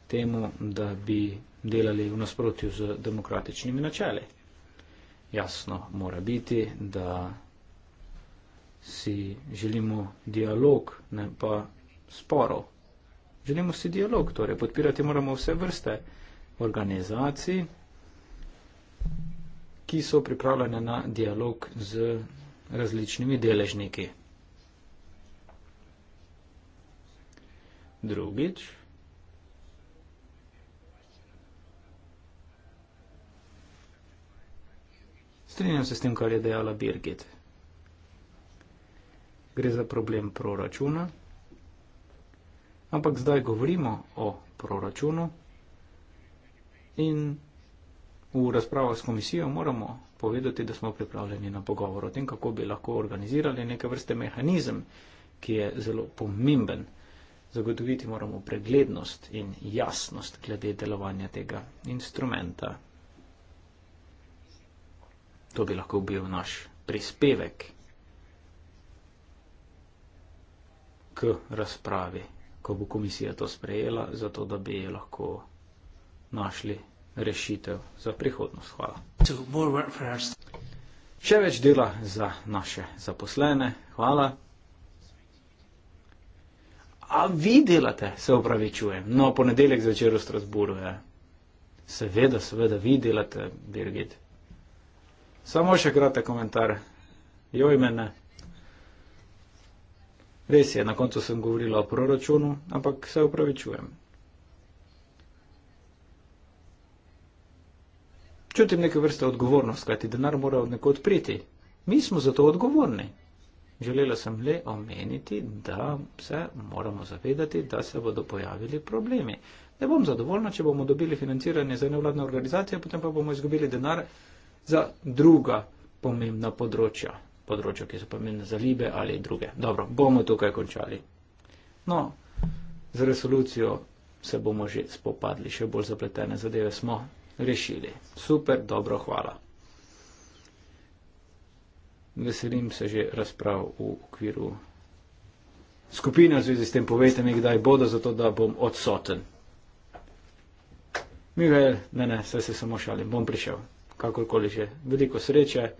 [SPEAKER 1] temu, da bi delali v nasprotju z demokratičnimi načeli. Jasno mora biti, da si želimo dialog, ne pa sporov. Želimo si dialog, torej podpirati moramo vse vrste organizacij, ki so pripravljene na dialog z različnimi deležniki. Drugič. Strinjam se s tem, kar je dejala Birgit. Gre za problem proračuna, ampak zdaj govorimo o proračunu in v razpravo s komisijo moramo povedati, da smo pripravljeni na pogovor o tem, kako bi lahko organizirali neke vrste mehanizem, ki je zelo pomemben. Zagotoviti moramo preglednost in jasnost glede delovanja tega instrumenta. To bi lahko bil naš prispevek k razpravi, ko bo komisija to sprejela, zato da bi lahko našli rešitev za prihodnost. Hvala. Še več dela za naše zaposlene. Hvala. A vi delate, se upravičujem. No, ponedeljek zvečer v Strasburu je. Ja. Seveda, seveda, vi delate, Birgit. Samo še kratek komentar. Joj, mene. Res je, na koncu sem govorila o proračunu, ampak se upravičujem. čutim neke vrste odgovornost, kajti denar mora od nekod priti. Mi smo za to odgovorni. Želela sem le omeniti, da se moramo zavedati, da se bodo pojavili problemi. Ne bom zadovoljna, če bomo dobili financiranje za nevladne organizacije, potem pa bomo izgubili denar za druga pomembna področja. Področja, ki so pomembne za libe ali druge. Dobro, bomo tukaj končali. No, z resolucijo se bomo že spopadli, še bolj zapletene zadeve smo rešili. Super, dobro, hvala. Veselim se že razprav v okviru skupine v zvezi s tem. Povejte mi, kdaj bodo, zato da bom odsoten. Mihael, ne, ne, vse se samo šalim, bom prišel, kakorkoli že. Veliko sreče,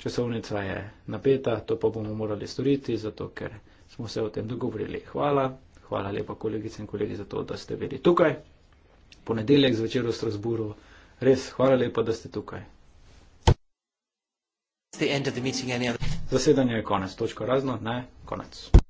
[SPEAKER 1] časovnica je napeta, to pa bomo morali storiti, zato ker smo se o tem dogovorili. Hvala, hvala lepa kolegice in kolegi za to, da ste bili tukaj. Ponedeljek zvečer v Strasburu. Res, hvala lepa, da ste tukaj. Zasedanje je konec. Točka razno, ne, konec.